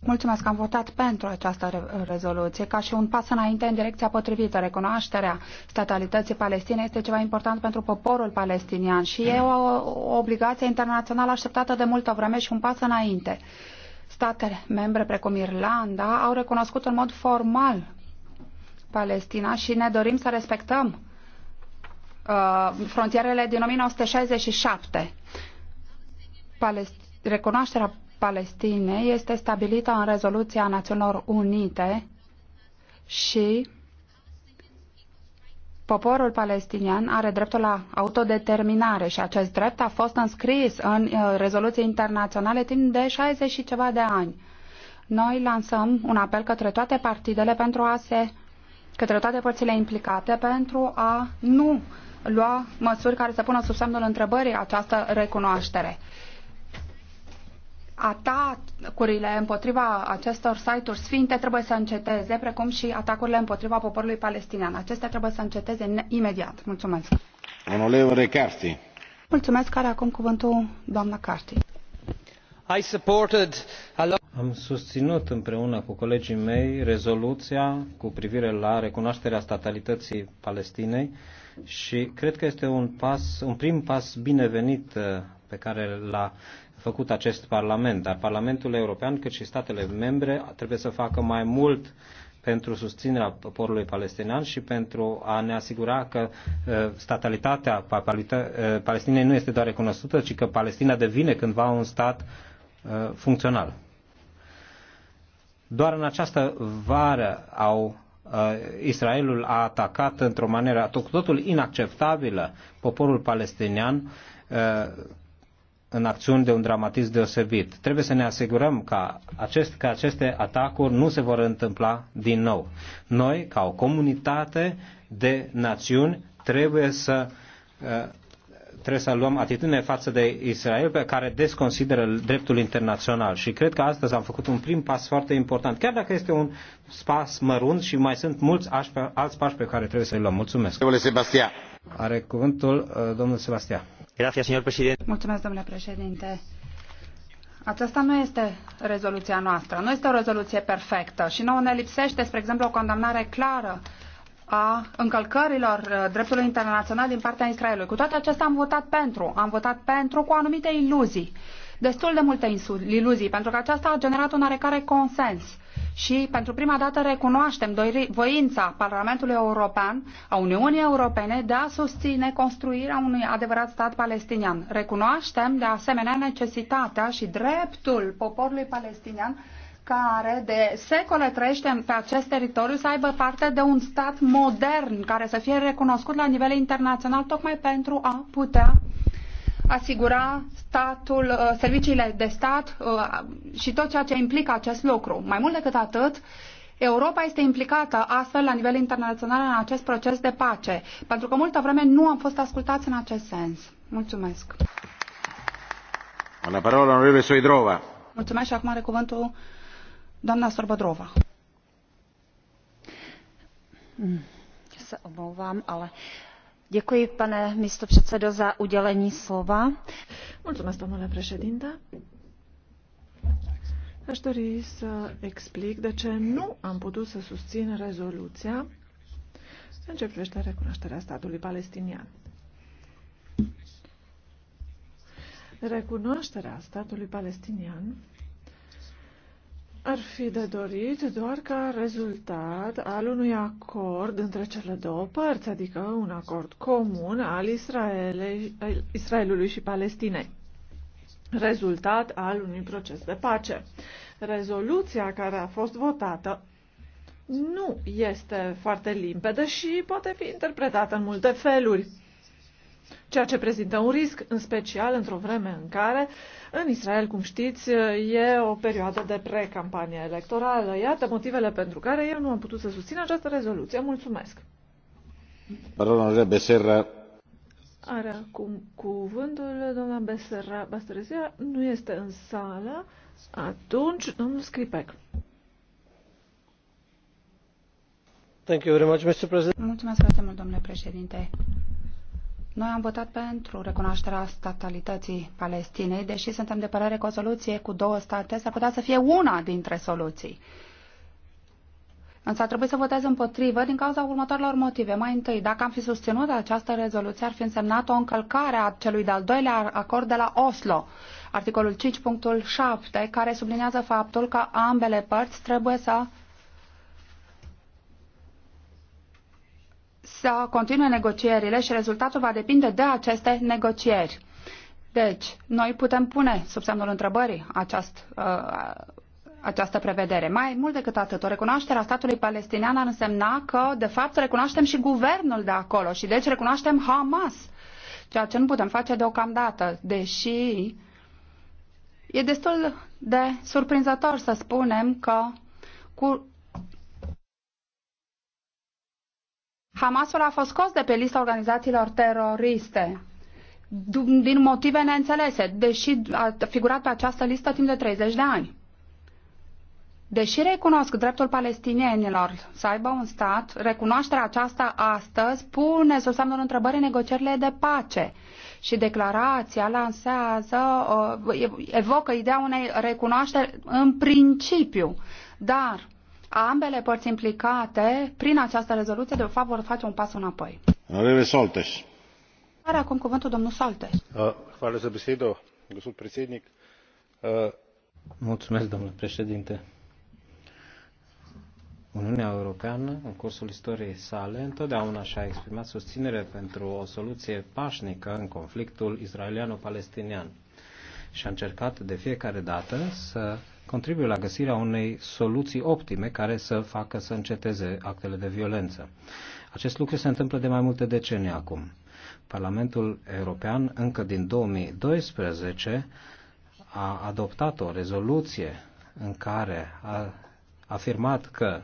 Mulțumesc, că am votat pentru această rezoluție ca și un pas înainte în direcția potrivită. Recunoașterea statalității palestine, este ceva important pentru poporul palestinian și e o, o obligație internațională așteptată de multă vreme și un pas înainte. Statele membre precum Irlanda au recunoscut în mod formal Palestina și ne dorim să respectăm uh, frontierele din 1967. Palest- recunoașterea Palestinei este stabilită în rezoluția Națiunilor Unite și Poporul palestinian are dreptul la autodeterminare și acest drept a fost înscris în uh, rezoluții internaționale timp de 60 și ceva de ani. Noi lansăm un apel către toate partidele pentru a se către toate părțile implicate pentru a nu lua măsuri care să pună sub semnul întrebării această recunoaștere atacurile împotriva acestor site-uri sfinte trebuie să înceteze, precum și atacurile împotriva poporului palestinian. Acestea trebuie să înceteze imediat. Mulțumesc. Onorevole Carti. Mulțumesc. Care acum cuvântul doamna Carti. I supported a Am susținut împreună cu colegii mei rezoluția cu privire la recunoașterea statalității Palestinei și cred că este un pas, un prim pas binevenit uh, pe care l-a făcut acest Parlament, dar Parlamentul European cât și statele membre trebuie să facă mai mult pentru susținerea poporului palestinian și pentru a ne asigura că uh, statalitatea uh, Palestinei nu este doar recunoscută, ci că Palestina devine cândva un stat uh, funcțional. Doar în această vară au Israelul a atacat într-o manieră totul inacceptabilă poporul palestinian în acțiuni de un dramatism deosebit. Trebuie să ne asigurăm că, acest, că aceste atacuri nu se vor întâmpla din nou. Noi, ca o comunitate de națiuni, trebuie să uh, trebuie să luăm atitudine față de Israel pe care desconsideră dreptul internațional și cred că astăzi am făcut un prim pas foarte important, chiar dacă este un spas mărunt și mai sunt mulți alți pași pe care trebuie să-i luăm. Mulțumesc. Domnule Sebastian. Are cuvântul uh, domnul Sebastian. Mulțumesc, domnule președinte. Aceasta nu este rezoluția noastră, nu este o rezoluție perfectă și nouă ne lipsește, spre exemplu, o condamnare clară a încălcărilor uh, dreptului internațional din partea Israelului. Cu toate acestea am votat pentru. Am votat pentru cu anumite iluzii, destul de multe iluzii, pentru că aceasta a generat un oarecare consens și pentru prima dată recunoaștem voința Parlamentului European, a Uniunii Europene, de a susține construirea unui adevărat stat palestinian. Recunoaștem de asemenea necesitatea și dreptul poporului palestinian care de secole trăiește pe acest teritoriu să aibă parte de un stat modern care să fie recunoscut la nivel internațional tocmai pentru a putea asigura statul, uh, serviciile de stat uh, și tot ceea ce implică acest lucru. Mai mult decât atât, Europa este implicată astfel la nivel internațional în acest proces de pace, pentru că multă vreme nu am fost ascultați în acest sens. Mulțumesc. La parola Mulțumesc și acum are cuvântul doamna Sorbădrova. Mm, se omlouvám, ale pane președinte aș dori să explic de ce nu am putut să susțin rezoluția în ce privește recunoașterea statului palestinian. Recunoașterea statului palestinian ar fi de dorit doar ca rezultat al unui acord între cele două părți, adică un acord comun al Israelului și Palestinei, rezultat al unui proces de pace. Rezoluția care a fost votată nu este foarte limpede și poate fi interpretată în multe feluri ceea ce prezintă un risc, în special într-o vreme în care, în Israel, cum știți, e o perioadă de precampanie electorală. Iată motivele pentru care eu nu am putut să susțin această rezoluție. Mulțumesc! Baronul Becerra. Are acum cuvântul doamna Becerra Bastrezia, nu este în sală, atunci domnul Scripec. Mulțumesc foarte mult, domnule președinte. Noi am votat pentru recunoașterea statalității Palestinei, deși suntem de părere că o soluție cu două state s-ar putea să fie una dintre soluții. Însă a trebuit să votez împotrivă din cauza următoarelor motive. Mai întâi, dacă am fi susținut această rezoluție, ar fi însemnat o încălcare a celui de-al doilea acord de la Oslo, articolul 5.7, care sublinează faptul că ambele părți trebuie să să continue negocierile și rezultatul va depinde de aceste negocieri. Deci, noi putem pune sub semnul întrebării aceast, uh, această prevedere. Mai mult decât atât, o recunoaștere a statului palestinian ar însemna că, de fapt, recunoaștem și guvernul de acolo și, deci, recunoaștem Hamas, ceea ce nu putem face deocamdată, deși e destul de surprinzător să spunem că cu Hamasul a fost scos de pe lista organizațiilor teroriste din motive neînțelese, deși a figurat pe această listă timp de 30 de ani. Deși recunosc dreptul palestinienilor să aibă un stat, recunoașterea aceasta astăzi pune sub semnul întrebării negocierile de pace și declarația lansează, uh, evocă ideea unei recunoașteri în principiu, dar ambele părți implicate, prin această rezoluție, de fapt, vor face un pas înapoi. Are acum cuvântul domnul Soltes. Mulțumesc, domnule președinte. Uniunea Europeană, în cursul istoriei sale, întotdeauna și-a exprimat susținere pentru o soluție pașnică în conflictul israeliano-palestinian și a încercat de fiecare dată să contribuie la găsirea unei soluții optime care să facă să înceteze actele de violență. Acest lucru se întâmplă de mai multe decenii acum. Parlamentul European încă din 2012 a adoptat o rezoluție în care a afirmat că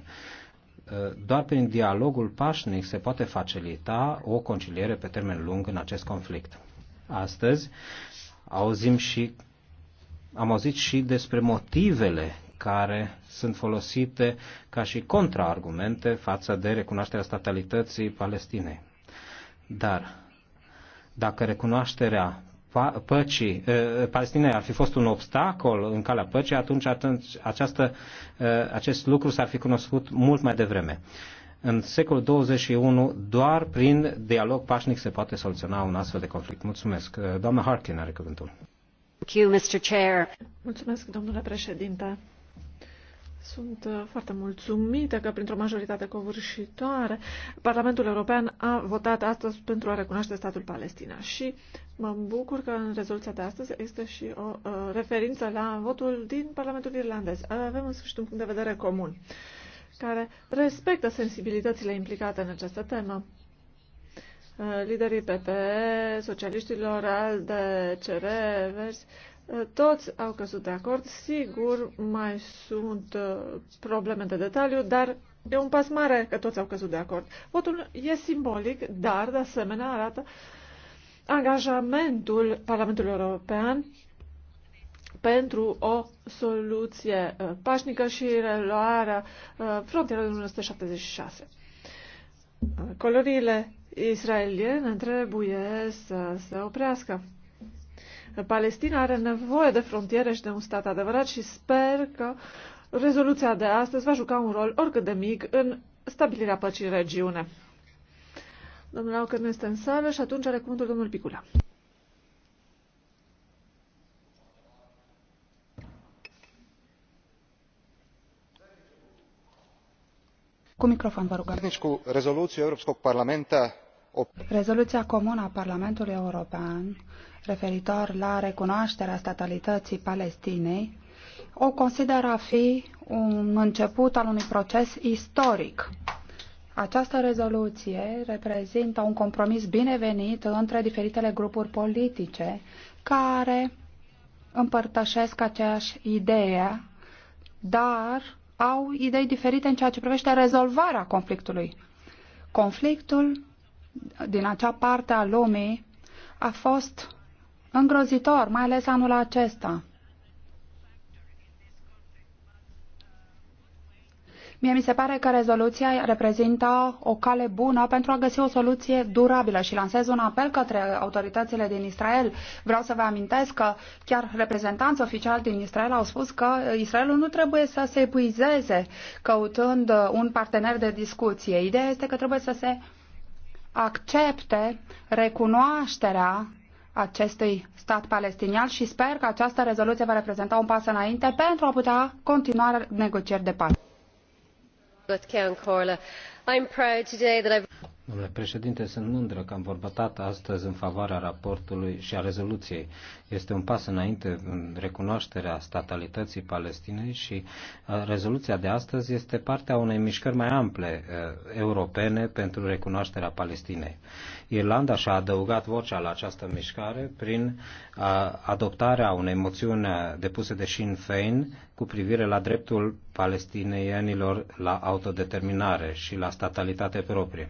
ă, doar prin dialogul pașnic se poate facilita o conciliere pe termen lung în acest conflict. Astăzi auzim și am auzit și despre motivele care sunt folosite ca și contraargumente față de recunoașterea statalității Palestinei. Dar dacă recunoașterea păcii, Palestinei ar fi fost un obstacol în calea păcii, atunci, atunci această, acest lucru s-ar fi cunoscut mult mai devreme. În secolul 21, doar prin dialog pașnic se poate soluționa un astfel de conflict. Mulțumesc. Doamna Harkin are cuvântul. Mulțumesc, domnule președinte. Sunt uh, foarte mulțumită că, printr-o majoritate covârșitoare, Parlamentul European a votat astăzi pentru a recunoaște statul Palestina. Și mă bucur că în rezoluția de astăzi există și o uh, referință la votul din Parlamentul Irlandez. Avem, în sfârșit, un punct de vedere comun care respectă sensibilitățile implicate în această temă liderii PP, socialiștilor, ALDE, CR, Vers, toți au căzut de acord. Sigur, mai sunt uh, probleme de detaliu, dar e un pas mare că toți au căzut de acord. Votul e simbolic, dar, de asemenea, arată angajamentul Parlamentului European pentru o soluție uh, pașnică și reluarea uh, frontierelor 1976. Colorile israelieni trebuie să se oprească. Palestina are nevoie de frontiere și de un stat adevărat și sper că rezoluția de astăzi va juca un rol oricât de mic în stabilirea păcii în regiune. Domnul Aucăr nu este în sală și atunci are cuvântul domnul Picula. Cu microfon, vă rugăm. cu rezoluția Europskog parlamenta Rezoluția comună a Parlamentului European referitor la recunoașterea statalității Palestinei o consideră a fi un început al unui proces istoric. Această rezoluție reprezintă un compromis binevenit între diferitele grupuri politice care împărtășesc aceeași idee, dar au idei diferite în ceea ce privește rezolvarea conflictului. Conflictul din acea parte a lumii a fost îngrozitor, mai ales anul acesta. Mie mi se pare că rezoluția reprezintă o cale bună pentru a găsi o soluție durabilă și lansez un apel către autoritățile din Israel. Vreau să vă amintesc că chiar reprezentanți oficiali din Israel au spus că Israelul nu trebuie să se epuizeze căutând un partener de discuție. Ideea este că trebuie să se accepte recunoașterea acestui stat palestinian și sper că această rezoluție va reprezenta un pas înainte pentru a putea continua negocieri de pace. Domnule președinte, sunt mândră că am vorbătat astăzi în favoarea raportului și a rezoluției. Este un pas înainte în recunoașterea statalității Palestinei și uh, rezoluția de astăzi este partea unei mișcări mai ample uh, europene pentru recunoașterea Palestinei. Irlanda și-a adăugat vocea la această mișcare prin uh, adoptarea unei moțiuni depuse de Sinn Féin cu privire la dreptul palestinienilor la autodeterminare și la statalitate proprie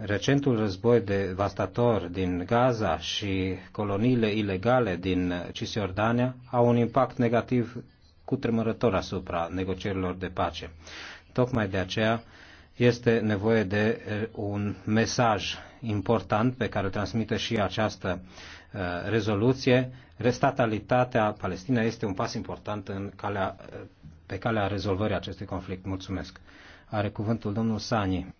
recentul război devastator din Gaza și coloniile ilegale din Cisjordania au un impact negativ cutremurător asupra negocierilor de pace. Tocmai de aceea este nevoie de eh, un mesaj important pe care îl transmite și această eh, rezoluție. Restatalitatea Palestina este un pas important în calea, eh, pe calea rezolvării acestui conflict. Mulțumesc. Are cuvântul domnul Sani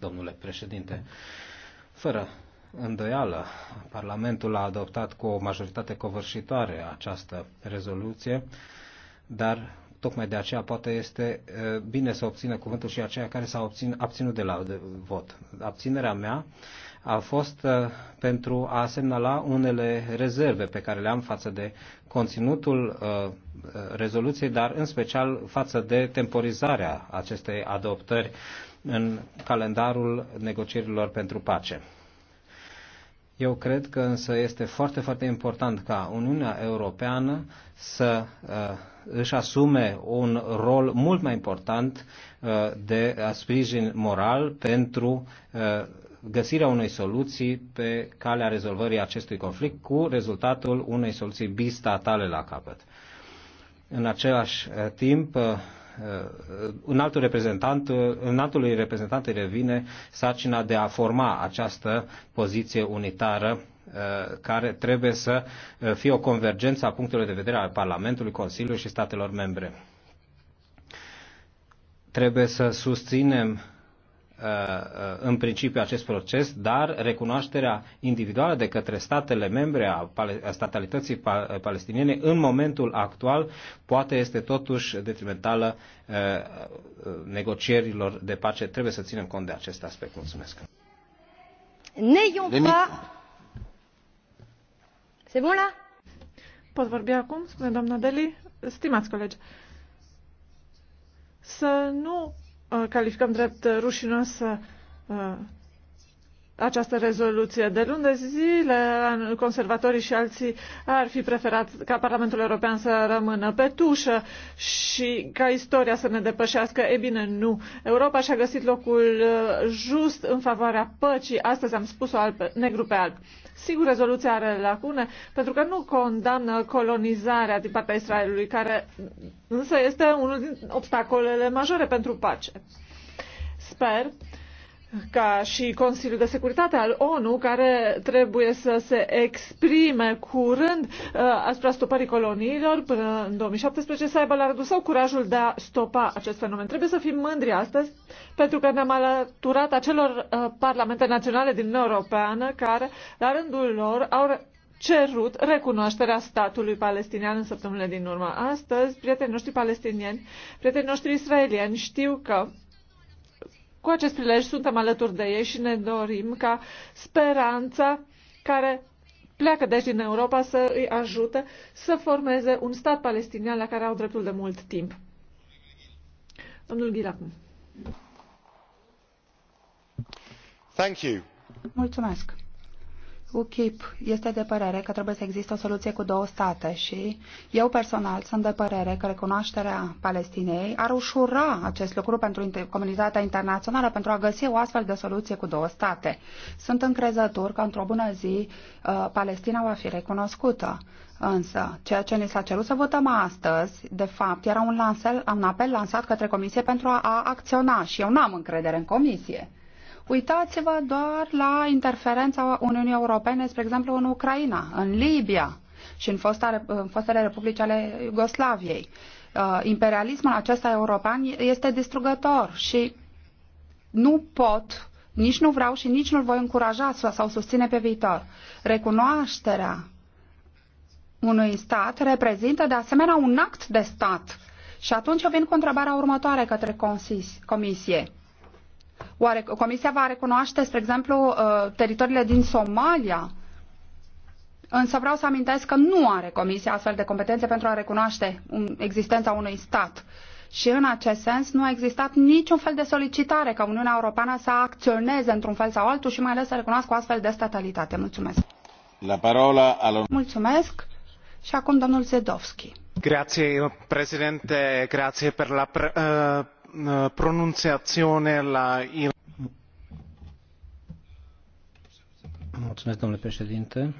domnule președinte. Fără îndoială, Parlamentul a adoptat cu o majoritate covârșitoare această rezoluție, dar tocmai de aceea poate este bine să obțină cuvântul și aceia care s-au abținut de la vot. Abținerea mea a fost uh, pentru a semnala unele rezerve pe care le am față de conținutul uh, rezoluției, dar în special față de temporizarea acestei adoptări în calendarul negocierilor pentru pace. Eu cred că însă este foarte, foarte important ca Uniunea Europeană să uh, își asume un rol mult mai important uh, de uh, sprijin moral pentru uh, găsirea unei soluții pe calea rezolvării acestui conflict cu rezultatul unei soluții bistatale la capăt. În același eh, timp, eh, eh, un altul reprezentant, un altului reprezentant îi revine sarcina de a forma această poziție unitară care trebuie să fie o convergență a punctelor de vedere al Parlamentului, Consiliului și statelor membre. Trebuie să susținem Uh, uh, în principiu acest proces, dar recunoașterea individuală de către statele membre a statalității uh, palestiniene în momentul actual poate este totuși detrimentală negocierilor de pace. Trebuie să ținem cont de acest aspect. Mulțumesc. N'ayons pas... C'est bon là? Pot vorbi acum, spune doamna Deli. Stimați colegi, să nu Uh, calificăm drept rușinoasă uh, această rezoluție. De luni de zile, conservatorii și alții ar fi preferat ca Parlamentul European să rămână pe tușă și ca istoria să ne depășească. E bine, nu. Europa și-a găsit locul uh, just în favoarea păcii. Astăzi am spus-o negru pe alb. Sigur, rezoluția are lacune, pentru că nu condamnă colonizarea din partea Israelului, care însă este unul din obstacolele majore pentru pace. Sper ca și Consiliul de Securitate al ONU, care trebuie să se exprime curând uh, asupra stopării coloniilor până în 2017, să aibă la rândul sau curajul de a stopa acest fenomen. Trebuie să fim mândri astăzi, pentru că ne-am alăturat acelor uh, parlamente naționale din Uniunea Europeană, care, la rândul lor, au cerut recunoașterea statului palestinian în săptămânile din urmă. Astăzi, prietenii noștri palestinieni, prietenii noștri israelieni știu că cu acest prilej suntem alături de ei și ne dorim ca speranța care pleacă deci din Europa să îi ajute să formeze un stat palestinian la care au dreptul de mult timp. Domnul Ghilacum. Thank you. Mulțumesc UKIP este de părere că trebuie să existe o soluție cu două state și eu personal sunt de părere că recunoașterea Palestinei ar ușura acest lucru pentru comunitatea internațională pentru a găsi o astfel de soluție cu două state. Sunt încrezător că într-o bună zi uh, Palestina va fi recunoscută. Însă, ceea ce ni s-a cerut să votăm astăzi, de fapt, era un, lansel, un apel lansat către Comisie pentru a acționa și eu n-am încredere în Comisie. Uitați-vă doar la interferența Uniunii Europene, spre exemplu, în Ucraina, în Libia și în, fosta, în fostele republici ale Iugoslaviei. Uh, imperialismul acesta european este distrugător și nu pot, nici nu vreau și nici nu-l voi încuraja sau susține pe viitor. Recunoașterea unui stat reprezintă de asemenea un act de stat. Și atunci eu vin cu întrebarea următoare către comisie. Oare Comisia va recunoaște, spre exemplu, uh, teritoriile din Somalia? Însă vreau să amintesc că nu are Comisia astfel de competențe pentru a recunoaște existența unui stat. Și în acest sens nu a existat niciun fel de solicitare ca Uniunea Europeană să acționeze într-un fel sau altul și mai ales să recunoască o astfel de statalitate. Mulțumesc. La parola al... Mulțumesc. Și acum domnul Zedovski. Grazie, președinte, grazie per la... Pre... Eh, pronunțiațiune la... Mulțumesc, domnule președinte.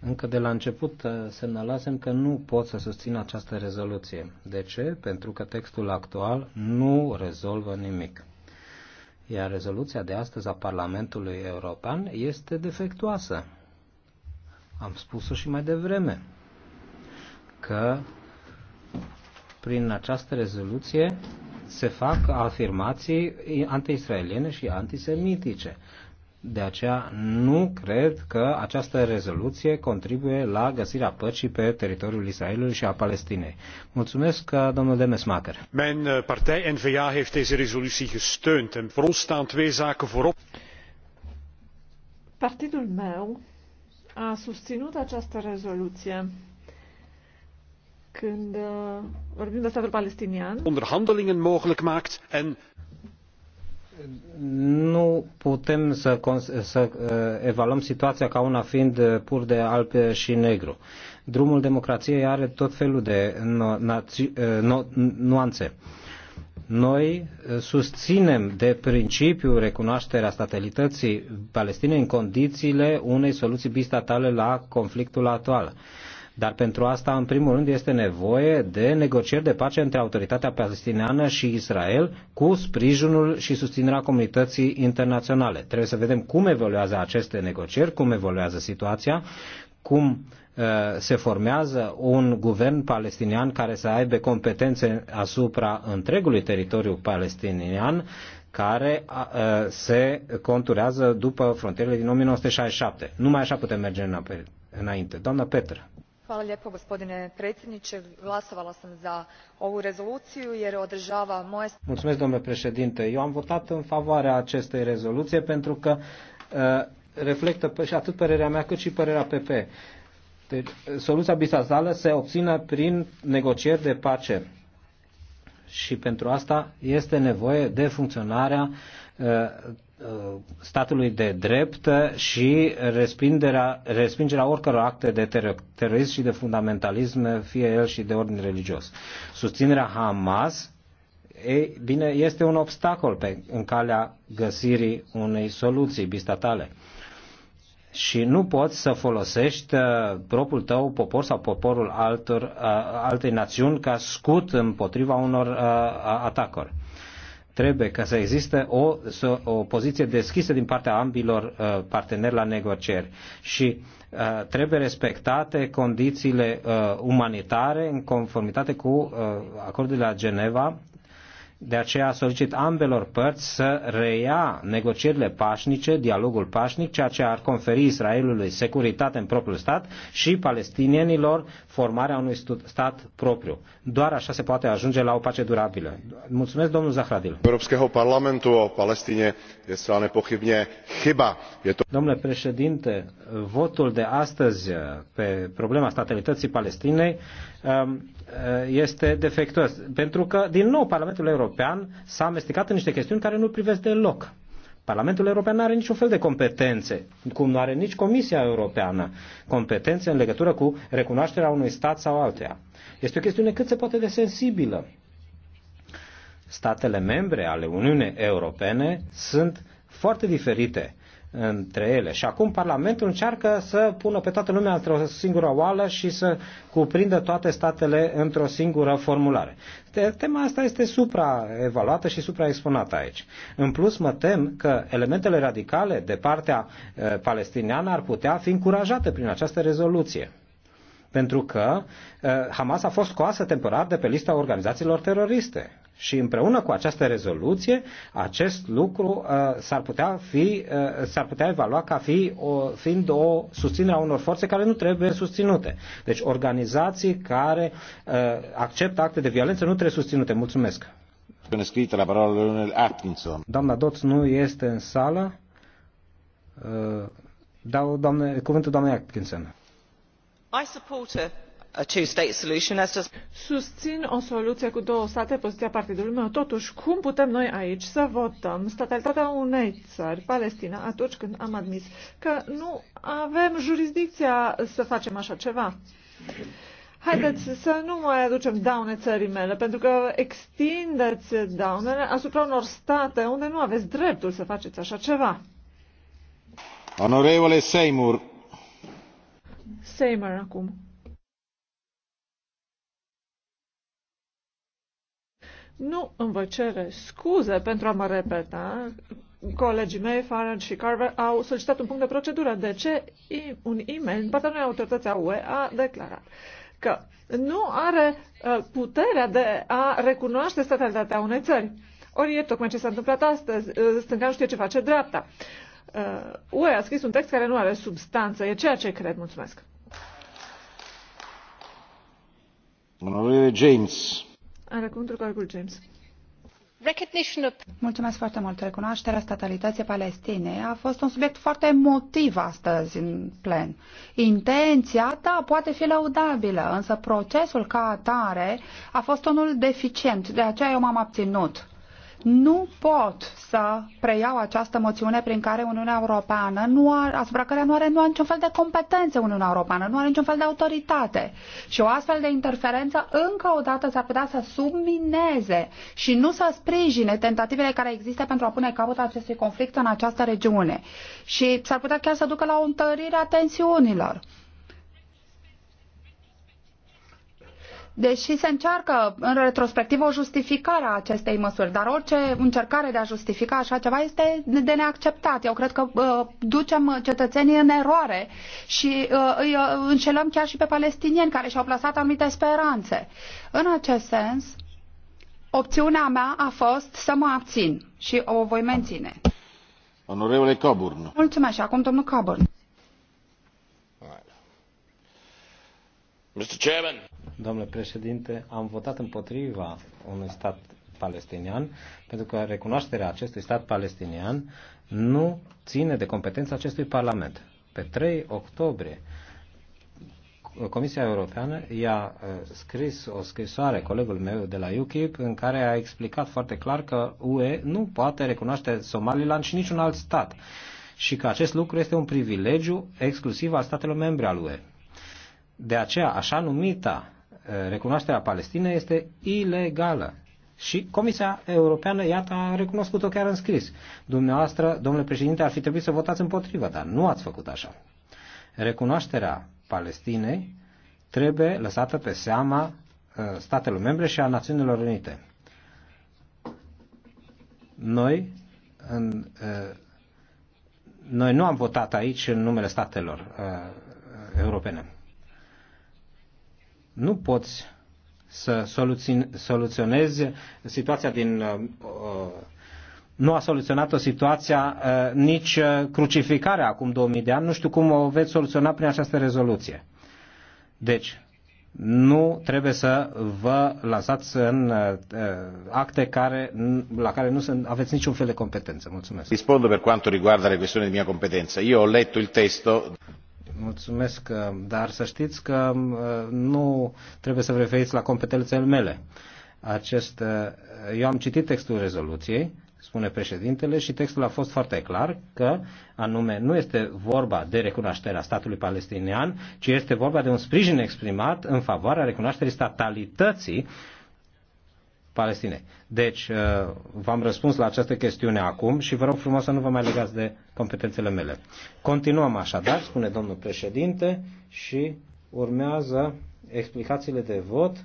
Încă de la început uh, semnalasem că nu pot să susțin această rezoluție. De ce? Pentru că textul actual nu rezolvă nimic. Iar rezoluția de astăzi a Parlamentului European este defectuoasă. Am spus-o și mai devreme că prin această rezoluție se fac afirmații anti-israeliene și antisemitice. De aceea nu cred că această rezoluție contribuie la găsirea păcii pe teritoriul Israelului și a Palestinei. Mulțumesc, uh, domnul Demesmacher. Mijn uh, partij NVA heeft deze resolutie gesteund en voor ons staan twee zaken voorop. Partidul meu a susținut această rezoluție când uh, vorbim de statul palestinian, onderhandelingen mogelijk maakt en nu putem să, să uh, evaluăm situația ca una fiind uh, pur de alb și negru. Drumul democrației are tot felul de uh, nuanțe. Noi susținem de principiu recunoașterea statalității Palestinei în condițiile unei soluții bistatale la conflictul actual. Dar pentru asta, în primul rând, este nevoie de negocieri de pace între autoritatea palestiniană și Israel cu sprijinul și susținerea comunității internaționale. Trebuie să vedem cum evoluează aceste negocieri, cum evoluează situația, cum uh, se formează un guvern palestinian care să aibă competențe asupra întregului teritoriu palestinian care uh, se conturează după frontierele din 1967. Numai așa putem merge înainte. Doamna Petra gospodine predsjednie glasovala sam za ovu rezoluciju jer odraava moje. domnule preedinte eu am votat în favoarea acestei rezoluii pentru că reflectă atât părerea mea cât i părerea ppe. Deci, soluția bilaterală se obține prin negocieri de pace și pentru asta este nevoie de funcționarea Uh, statului de drept și respingerea, respingerea oricăror acte de ter- terorism și de fundamentalism, fie el și de ordin religios. Susținerea Hamas ei, bine, este un obstacol pe, în calea găsirii unei soluții bistatale. Și nu poți să folosești uh, propriul tău popor sau poporul altor, uh, altei națiuni ca scut împotriva unor uh, atacuri. Trebuie ca să existe o, să, o poziție deschisă din partea ambilor uh, parteneri la negocieri și uh, trebuie respectate condițiile uh, umanitare în conformitate cu uh, acordul de la Geneva de aceea solicit ambelor părți să reia negocierile pașnice, dialogul pașnic, ceea ce ar conferi Israelului securitate în propriul stat și palestinienilor formarea unui stat propriu. Doar așa se poate ajunge la o pace durabilă. Mulțumesc, domnul Zahradil. Europského parlamentu o Palestine este nepochybně chyba. Je to... Domnule președinte, votul de astăzi pe problema statalității Palestinei um, Eh, este defectuos. Pentru că, din nou, Parlamentul European s-a amestecat în niște chestiuni care nu privesc deloc. Parlamentul European nu are niciun fel de competențe, cum nu are nici Comisia Europeană competențe în legătură cu recunoașterea unui stat sau altuia. Este o chestiune cât se poate de sensibilă. Statele membre ale Uniunii Europene sunt foarte diferite între ele. Și acum Parlamentul încearcă să pună pe toată lumea într-o singură oală și să cuprindă toate statele într-o singură formulare. Tema asta este supraevaluată și supraexponată aici. În plus, mă tem că elementele radicale de partea palestiniană ar putea fi încurajate prin această rezoluție pentru că Hamas a fost scoasă temporar de pe lista organizațiilor teroriste. Și împreună cu această rezoluție, acest lucru uh, s-ar, putea fi, uh, s-ar putea evalua ca fi o, fiind o susținere a unor forțe care nu trebuie susținute. Deci organizații care uh, acceptă acte de violență nu trebuie susținute. Mulțumesc. Scrisă la parola Leonel Atkinson. Doamna Doț nu este în sală. Uh, dau doamne, cuvântul doamnei Atkinson. I support her Susțin o soluție cu două state, poziția partidului meu. Totuși, cum putem noi aici să votăm statalitatea unei țări, Palestina, atunci când am admis că nu avem jurisdicția să facem așa ceva? Haideți să nu mai aducem daune țării mele, pentru că extindeți daunele asupra unor state unde nu aveți dreptul să faceți așa ceva. Onorevole Seymour. Seymour acum. Nu îmi vă cere scuze pentru a mă repeta. Colegii mei, Farage și Carver, au solicitat un punct de procedură. De ce un e-mail din partea unei autorități a UE a declarat că nu are uh, puterea de a recunoaște statalitatea unei țări? Ori e tocmai ce s-a întâmplat astăzi. Uh, stânga nu știe ce face dreapta. UE uh, a scris un text care nu are substanță. E ceea ce cred. Mulțumesc. Onorevole James. Are cuvântul James. Mulțumesc foarte mult. Recunoașterea statalității Palestinei a fost un subiect foarte emotiv astăzi în plen. Intenția, ta da, poate fi laudabilă, însă procesul ca atare a fost unul deficient, de aceea eu m-am abținut nu pot să preiau această moțiune prin care Uniunea Europeană nu are, asupra care nu are, nu are niciun fel de competențe Uniunea Europeană, nu are niciun fel de autoritate. Și o astfel de interferență încă o dată s-ar putea să submineze și nu să sprijine tentativele care există pentru a pune capăt acestui conflict în această regiune. Și s-ar putea chiar să ducă la o întărire a tensiunilor. Deși se încearcă în retrospectiv o justificare a acestei măsuri, dar orice încercare de a justifica așa ceva este de neacceptat. Eu cred că uh, ducem cetățenii în eroare și uh, îi uh, înșelăm chiar și pe palestinieni care și-au plasat anumite speranțe. În acest sens, opțiunea mea a fost să mă abțin și o voi menține. Onorevole Coburn. Mulțumesc acum domnul Coburn Domnule președinte, am votat împotriva unui stat palestinian, pentru că recunoașterea acestui stat palestinian nu ține de competența acestui Parlament. Pe 3 octombrie, Comisia Europeană i-a uh, scris o scrisoare colegul meu de la UKIP în care a explicat foarte clar că UE nu poate recunoaște Somaliland și niciun alt stat și că acest lucru este un privilegiu exclusiv al statelor membre al UE. De aceea, așa numita recunoașterea Palestinei este ilegală. Și Comisia Europeană, iată, a recunoscut-o chiar în scris. Dumneavoastră, domnule președinte, ar fi trebuit să votați împotrivă, dar nu ați făcut așa. Recunoașterea Palestinei trebuie lăsată pe seama statelor membre și a Națiunilor Unite. Noi, în, noi nu am votat aici în numele statelor europene nu poți să soluționezi situația din. Uh, uh, nu a soluționat-o situația uh, nici crucificarea acum 2000 de ani. Nu știu cum o veți soluționa prin această rezoluție. Deci, nu trebuie să vă lansați în acte care, la care nu sunt, aveți niciun fel de competență. Mulțumesc. Rispondo per quanto riguarda le questioni di mia competenza. Io ho letto il testo. Mulțumesc, uh, dar să știți că uh, nu trebuie să vă referiți la competențele mele. Acest, uh, eu am citit textul rezoluției, spune președintele, și textul a fost foarte clar că, anume, nu este vorba de recunoașterea statului palestinian, ci este vorba de un sprijin exprimat în favoarea recunoașterii statalității Palestinei. Deci, v-am răspuns la această chestiune acum și vă rog frumos să nu vă mai legați de competențele mele. Continuăm așadar, spune domnul președinte, și urmează explicațiile de vot.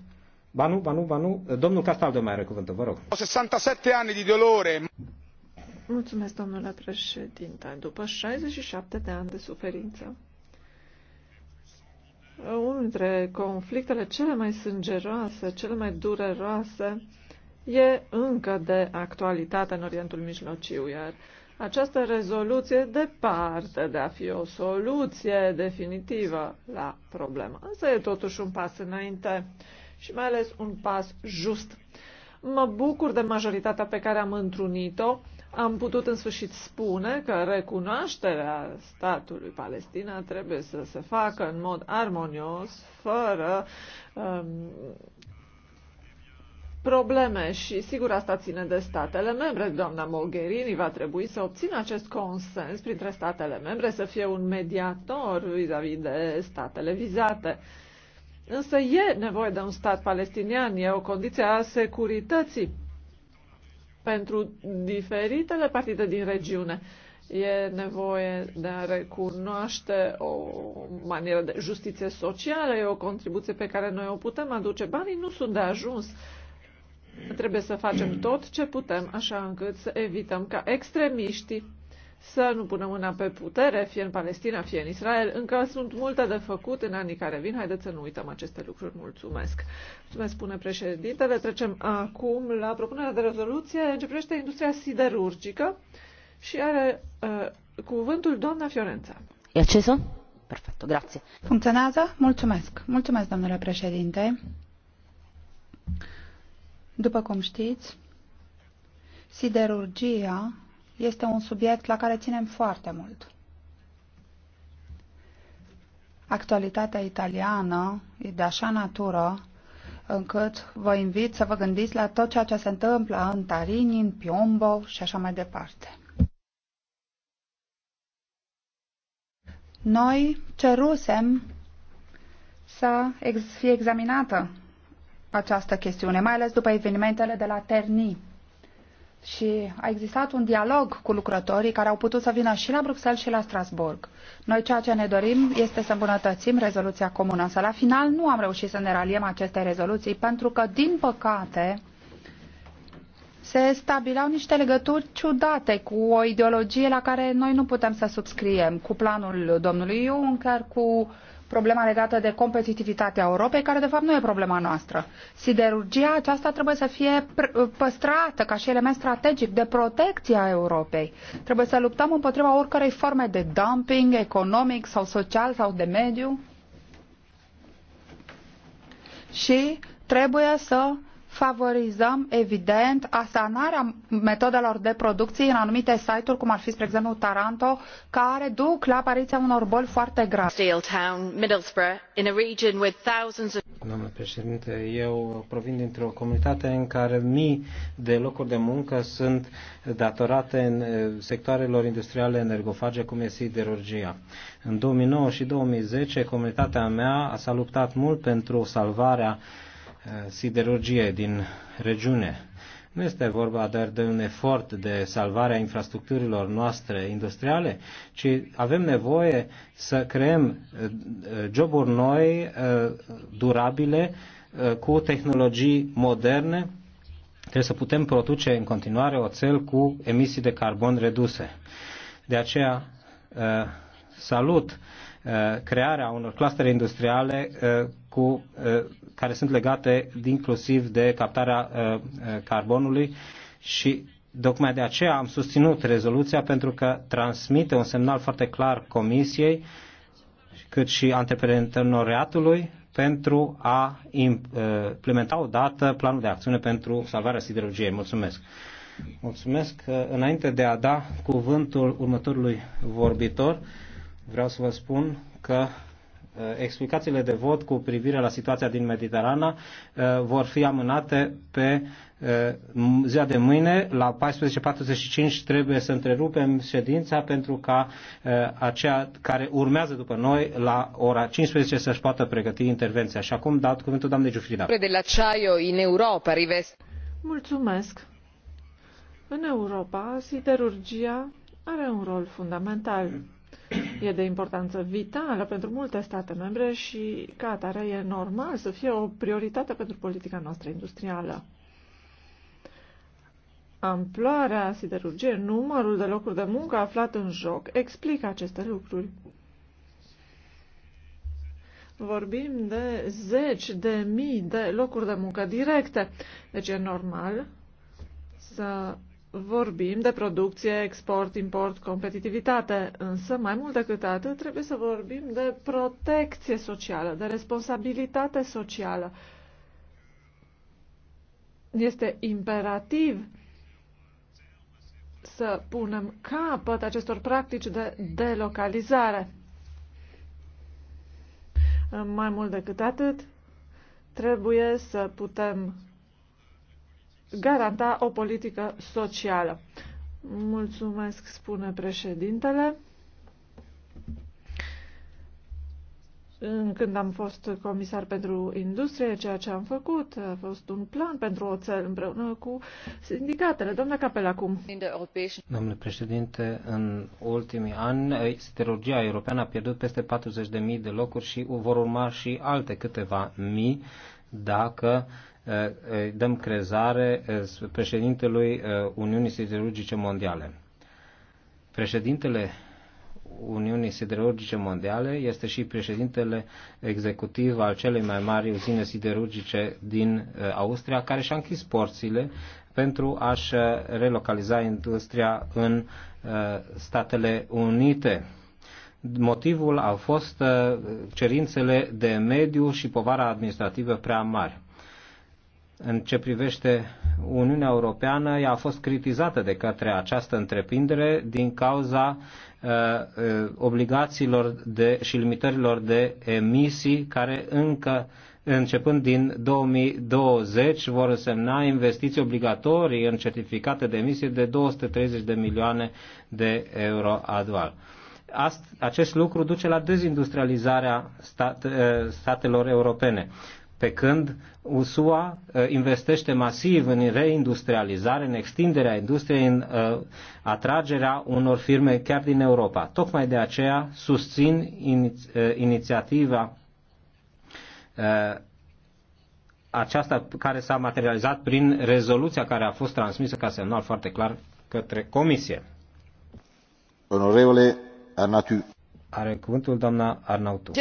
Ba nu, ba nu, ba nu. Domnul Castaldo mai are cuvântul, vă rog. 67 ani de dolore. Mulțumesc, domnule președinte. După 67 de ani de suferință, unul dintre conflictele cele mai sângeroase, cele mai dureroase, e încă de actualitate în Orientul Mijlociu, iar această rezoluție departe de a fi o soluție definitivă la problemă, însă e totuși un pas înainte și mai ales un pas just. Mă bucur de majoritatea pe care am întrunit-o. Am putut în sfârșit spune că recunoașterea statului Palestina trebuie să se facă în mod armonios, fără um, probleme și sigur asta ține de statele membre. Doamna Mogherini va trebui să obțină acest consens printre statele membre, să fie un mediator vis-a-vis -vis de statele vizate. Însă e nevoie de un stat palestinian, e o condiție a securității pentru diferitele partide din regiune. E nevoie de a recunoaște o manieră de justiție socială, e o contribuție pe care noi o putem aduce. Banii nu sunt de ajuns Trebuie să facem tot ce putem așa încât să evităm ca extremiștii să nu pună mâna pe putere, fie în Palestina, fie în Israel. Încă sunt multe de făcut în anii care vin. Haideți să nu uităm aceste lucruri. Mulțumesc. Mulțumesc, spune președintele. Trecem acum la propunerea de rezoluție. Începește industria siderurgică și are uh, cuvântul doamna Fiorența. E acceso? Perfect, grație. Funcționează? Mulțumesc. Mulțumesc, domnule președinte. După cum știți, siderurgia este un subiect la care ținem foarte mult. Actualitatea italiană e de așa natură încât vă invit să vă gândiți la tot ceea ce se întâmplă în Tarini, în Piombo și așa mai departe. Noi cerusem să fie examinată această chestiune, mai ales după evenimentele de la Terni. Și a existat un dialog cu lucrătorii care au putut să vină și la Bruxelles și la Strasburg. Noi ceea ce ne dorim este să îmbunătățim rezoluția comună, însă la final nu am reușit să ne raliem aceste rezoluții pentru că, din păcate, se stabileau niște legături ciudate cu o ideologie la care noi nu putem să subscriem, cu planul domnului Juncker, cu problema legată de competitivitatea Europei, care de fapt nu e problema noastră. Siderurgia aceasta trebuie să fie păstrată ca și element strategic de protecție a Europei. Trebuie să luptăm împotriva oricărei forme de dumping economic sau social sau de mediu. Și trebuie să favorizăm, evident, asanarea metodelor de producție în anumite site-uri, cum ar fi, spre exemplu, Taranto, care duc la apariția unor boli foarte grave. Doamnă președinte, eu provin dintr-o comunitate în care mii de locuri de muncă sunt datorate în eh, sectoarelor industriale energofage, cum e siderurgia. În 2009 și 2010, comunitatea mea s-a luptat mult pentru salvarea siderurgie din regiune. Nu este vorba doar de un efort de salvare a infrastructurilor noastre industriale, ci avem nevoie să creăm eh, joburi noi, eh, durabile, eh, cu tehnologii moderne. Trebuie să putem produce în continuare oțel cu emisii de carbon reduse. De aceea salut crearea unor clustere industriale cu, uh, care sunt legate inclusiv de captarea uh, uh, carbonului și tocmai de aceea am susținut rezoluția pentru că transmite un semnal foarte clar Comisiei cât și antreprenoriatului pentru a implementa odată planul de acțiune pentru salvarea siderurgiei. Mulțumesc! Mulțumesc! Înainte de a da cuvântul următorului vorbitor, vreau să vă spun că Eh, explicațiile de vot cu privire la situația din Mediterana eh, vor fi amânate pe eh, ziua de mâine. La 14.45 trebuie să întrerupem ședința pentru ca aceea care urmează după noi la ora 15 să-și poată pregăti intervenția. Și acum dat cuvântul doamnei Giufrida. în Europa rivest. Mulțumesc. În Europa, siderurgia are un rol fundamental. E de importanță vitală pentru multe state membre și, ca atare, e normal să fie o prioritate pentru politica noastră industrială. Amploarea siderurgiei, numărul de locuri de muncă aflat în joc, explică aceste lucruri. Vorbim de zeci de mii de locuri de muncă directe. Deci e normal să Vorbim de producție, export, import, competitivitate, însă mai mult decât atât trebuie să vorbim de protecție socială, de responsabilitate socială. Este imperativ să punem capăt acestor practici de delocalizare. Mai mult decât atât, trebuie să putem garanta o politică socială. Mulțumesc, spune președintele. Când am fost comisar pentru industrie, ceea ce am făcut a fost un plan pentru oțel împreună cu sindicatele. Doamna Capel, acum. Domnule președinte, în ultimii ani, eh, siderurgia europeană a pierdut peste 40.000 de locuri și vor urma și alte câteva mii dacă uh, Eh, eh, dăm crezare eh, președintelui Uniunii Siderurgice Mondiale. Președintele Uniunii Siderurgice Mondiale este și președintele executiv al celei mai mari uzine siderurgice din Austria, care și-a închis porțile pentru a-și relocaliza industria în Statele Unite. Motivul au fost cerințele de mediu și povara administrativă prea mari în ce privește Uniunea Europeană, ea a fost critizată de către această întreprindere din cauza uh, uh obligațiilor de, și limitărilor de emisii care încă începând din 2020 vor însemna investiții obligatorii în certificate de emisie de 230 de milioane de euro anual. Acest lucru duce la dezindustrializarea stat, uh, statelor europene pe când USUA uh, investește masiv în reindustrializare, în extinderea industriei, în uh, atragerea unor firme chiar din Europa. Tocmai de aceea susțin uh, inițiativa aceasta care s-a materializat prin rezoluția care a fost transmisă ca semnal foarte clar către Comisie. Onorevole Arnatu. Are cuvântul doamna Arnautu.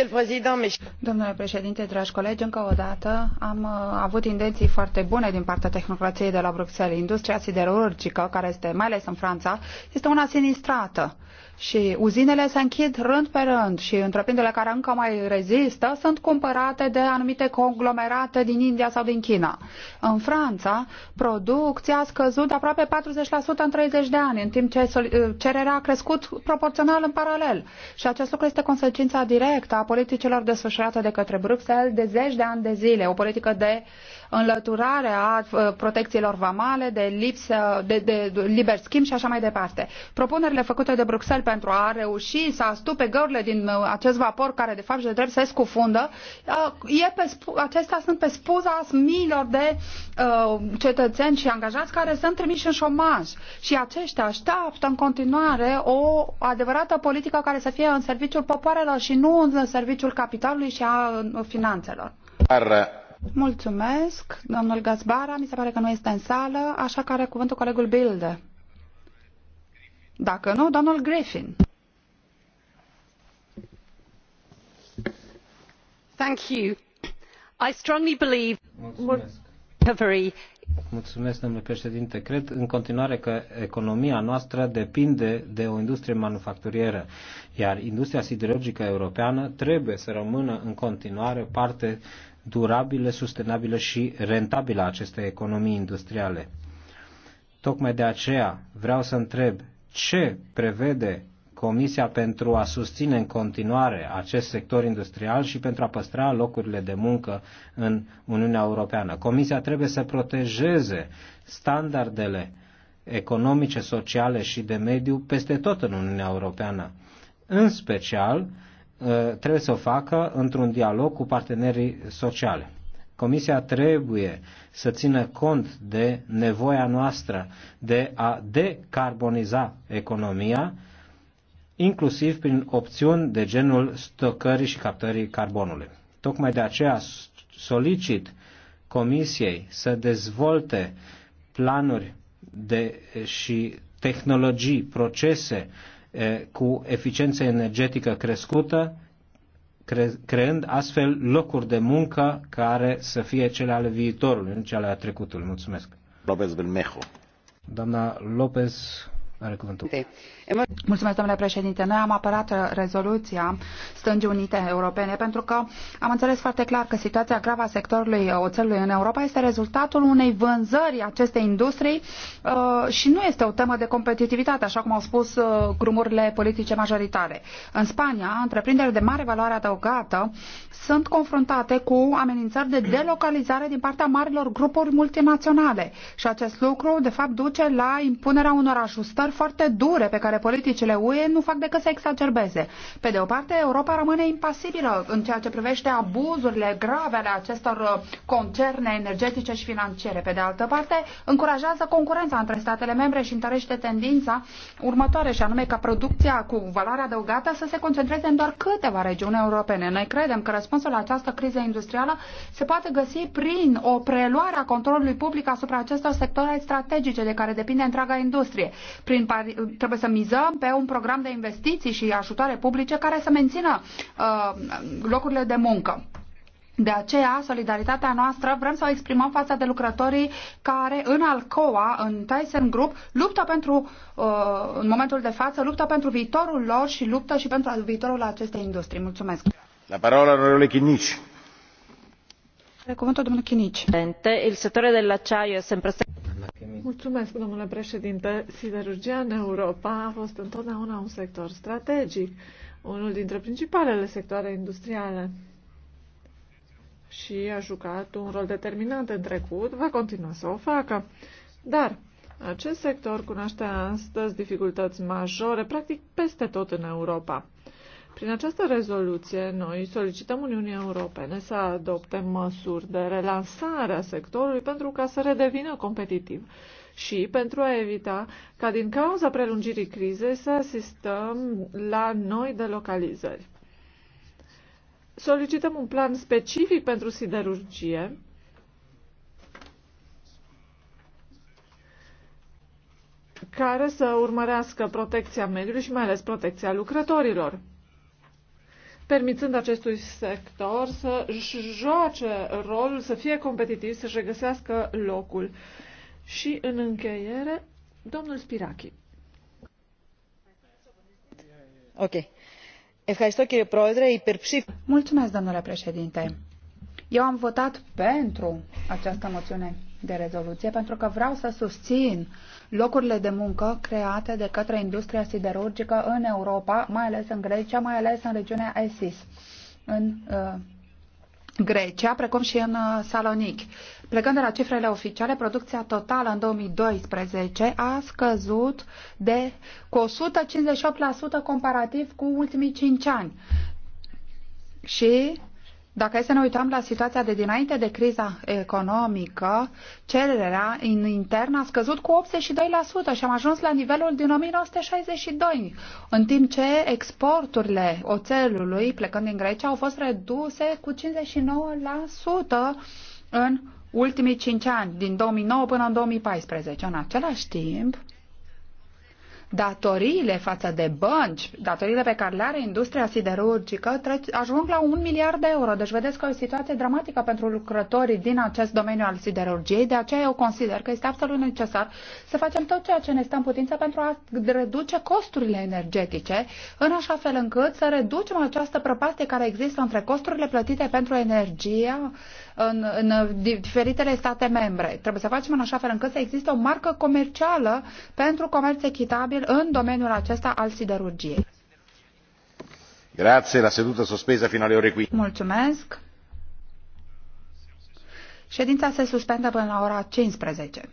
Domnule președinte, dragi colegi, încă o dată am uh, avut intenții foarte bune din partea tehnocrației de la Bruxelles. Industria siderurgică, care este mai ales în Franța, este una sinistrată și uzinele se închid rând pe rând și întreprinderile care încă mai rezistă sunt cumpărate de anumite conglomerate din India sau din China. În Franța, producția a scăzut de aproape 40% în 30 de ani, în timp ce eh, cererea a crescut proporțional în paralel. Și acest lucru este consecința directă a politicilor desfășurate de către Bruxelles de zeci de ani de zile, o politică de uh, înlăturare a uh, protecțiilor vamale, de, lipsă, de, de, de liber schimb și așa mai departe. Propunerile făcute de Bruxelles pentru a reuși să astupe găurile din uh, acest vapor care de fapt și de drept se scufundă, uh, e pe, acestea sunt pe spuza miilor de uh, cetățeni și angajați care sunt trimiși în șomaj și aceștia așteaptă în continuare o adevărată politică care să fie în serviciul popoarelor și nu în serviciul capitalului și a finanțelor. Mulțumesc. Domnul Gazbara, mi se pare că nu este în sală, așa că are cuvântul colegul Bilde. Dacă nu, domnul Griffin. Thank you. I strongly believe Mulțumesc. Mulțumesc, domnule președinte. Cred în continuare că economia noastră depinde de o industrie manufacturieră, iar industria siderurgică europeană trebuie să rămână în continuare parte durabile, sustenabile și rentabile a acestei economii industriale. Tocmai de aceea vreau să întreb ce prevede Comisia pentru a susține în continuare acest sector industrial și pentru a păstra locurile de muncă în Uniunea Europeană. Comisia trebuie să protejeze standardele economice, sociale și de mediu peste tot în Uniunea Europeană, în special Uh, trebuie să o facă într-un dialog cu partenerii sociale. Comisia trebuie să țină cont de nevoia noastră de a decarboniza economia, inclusiv prin opțiuni de genul stocării și captării carbonului. Tocmai de aceea solicit Comisiei să dezvolte planuri de, și tehnologii, procese uh, cu eficiență energetică crescută, cre- creând astfel locuri de muncă care să fie cele ale viitorului, nu cele ale trecutului. Mulțumesc. López Bermejo. Doamna López are cuvântul. Mulțumesc, domnule președinte. Noi am apărat uh, rezoluția Stângii Unite Europene pentru că am înțeles foarte clar că situația gravă a sectorului uh, oțelului în Europa este rezultatul unei vânzări acestei industrii uh, și nu este o temă de competitivitate, așa cum au spus grumurile politice majoritare. În Spania, întreprinderile de mare valoare adăugată sunt confruntate cu amenințări de delocalizare din partea marilor grupuri multinaționale și acest lucru, de fapt, duce la impunerea unor ajustări recomandări foarte dure pe care politicile UE nu fac decât să exacerbeze. Pe de o parte, Europa rămâne impasibilă în ceea ce privește abuzurile grave ale acestor uh, concerne energetice și financiare. Pe de altă parte, încurajează concurența între statele membre și întărește tendința următoare și anume ca producția cu valoare adăugată să se concentreze în doar câteva regiuni europene. Noi credem că răspunsul la această criză industrială se poate găsi prin o preluare a controlului public asupra acestor sectoare strategice de care depinde întreaga industrie, prin trebuie să mizăm pe un program de investiții și ajutoare publice care să mențină uh, locurile de muncă. De aceea, solidaritatea noastră vrem să o exprimăm față de lucrătorii care în Alcoa, în Tyson Group, luptă pentru, uh, în momentul de față, luptă pentru viitorul lor și luptă și pentru viitorul acestei industrii. Mulțumesc. La parola onorevole Chinici. Cuvântul domnul Chinici. Il settore dell'acciaio è sempre stato Mulțumesc, domnule președinte. Siderurgia în Europa a fost întotdeauna un sector strategic, unul dintre principalele sectoare industriale și a jucat un rol determinant în trecut, va continua să o facă. Dar acest sector cunoaște astăzi dificultăți majore, practic peste tot în Europa. Prin această rezoluție, noi solicităm Uniunii Europene să adopte măsuri de relansare a sectorului pentru ca să redevină competitiv și pentru a evita ca din cauza prelungirii crizei să asistăm la noi delocalizări. Solicităm un plan specific pentru siderurgie care să urmărească protecția mediului și mai ales protecția lucrătorilor permițând acestui sector să joace rolul, să fie competitiv, să-și regăsească locul. Și în încheiere, domnul Spirachi. Ok. Mulțumesc, domnule președinte. Eu am votat pentru această moțiune de rezoluție pentru că vreau să susțin locurile de muncă create de către industria siderurgică în Europa, mai ales în Grecia, mai ales în regiunea ISIS, în uh, Grecia, precum și în uh, Salonic. Plecând de la cifrele oficiale, producția totală în 2012 a scăzut de cu 158% comparativ cu ultimii 5 ani. Și dacă e să ne uităm la situația de dinainte de criza economică, cererea în intern a scăzut cu 82% și am ajuns la nivelul din 1962, în timp ce exporturile oțelului plecând din Grecia au fost reduse cu 59% în ultimii 5 ani, din 2009 până în 2014. În același timp, datoriile față de bănci, datoriile pe care le are industria siderurgică, ajung la un miliard de euro. Deci vedeți că e o situație dramatică pentru lucrătorii din acest domeniu al siderurgiei, de aceea eu consider că este absolut necesar să facem tot ceea ce ne stă în putință pentru a reduce costurile energetice, în așa fel încât să reducem această prăpastie care există între costurile plătite pentru energia în, în diferitele state membre. Trebuie să facem în așa fel încât să existe o marcă comercială pentru comerț echitabil în domeniul acesta al siderurgiei. Grazie, la seduta sospesa fino alle ore 15. Mulțumesc. Ședința se suspendă până la ora 15.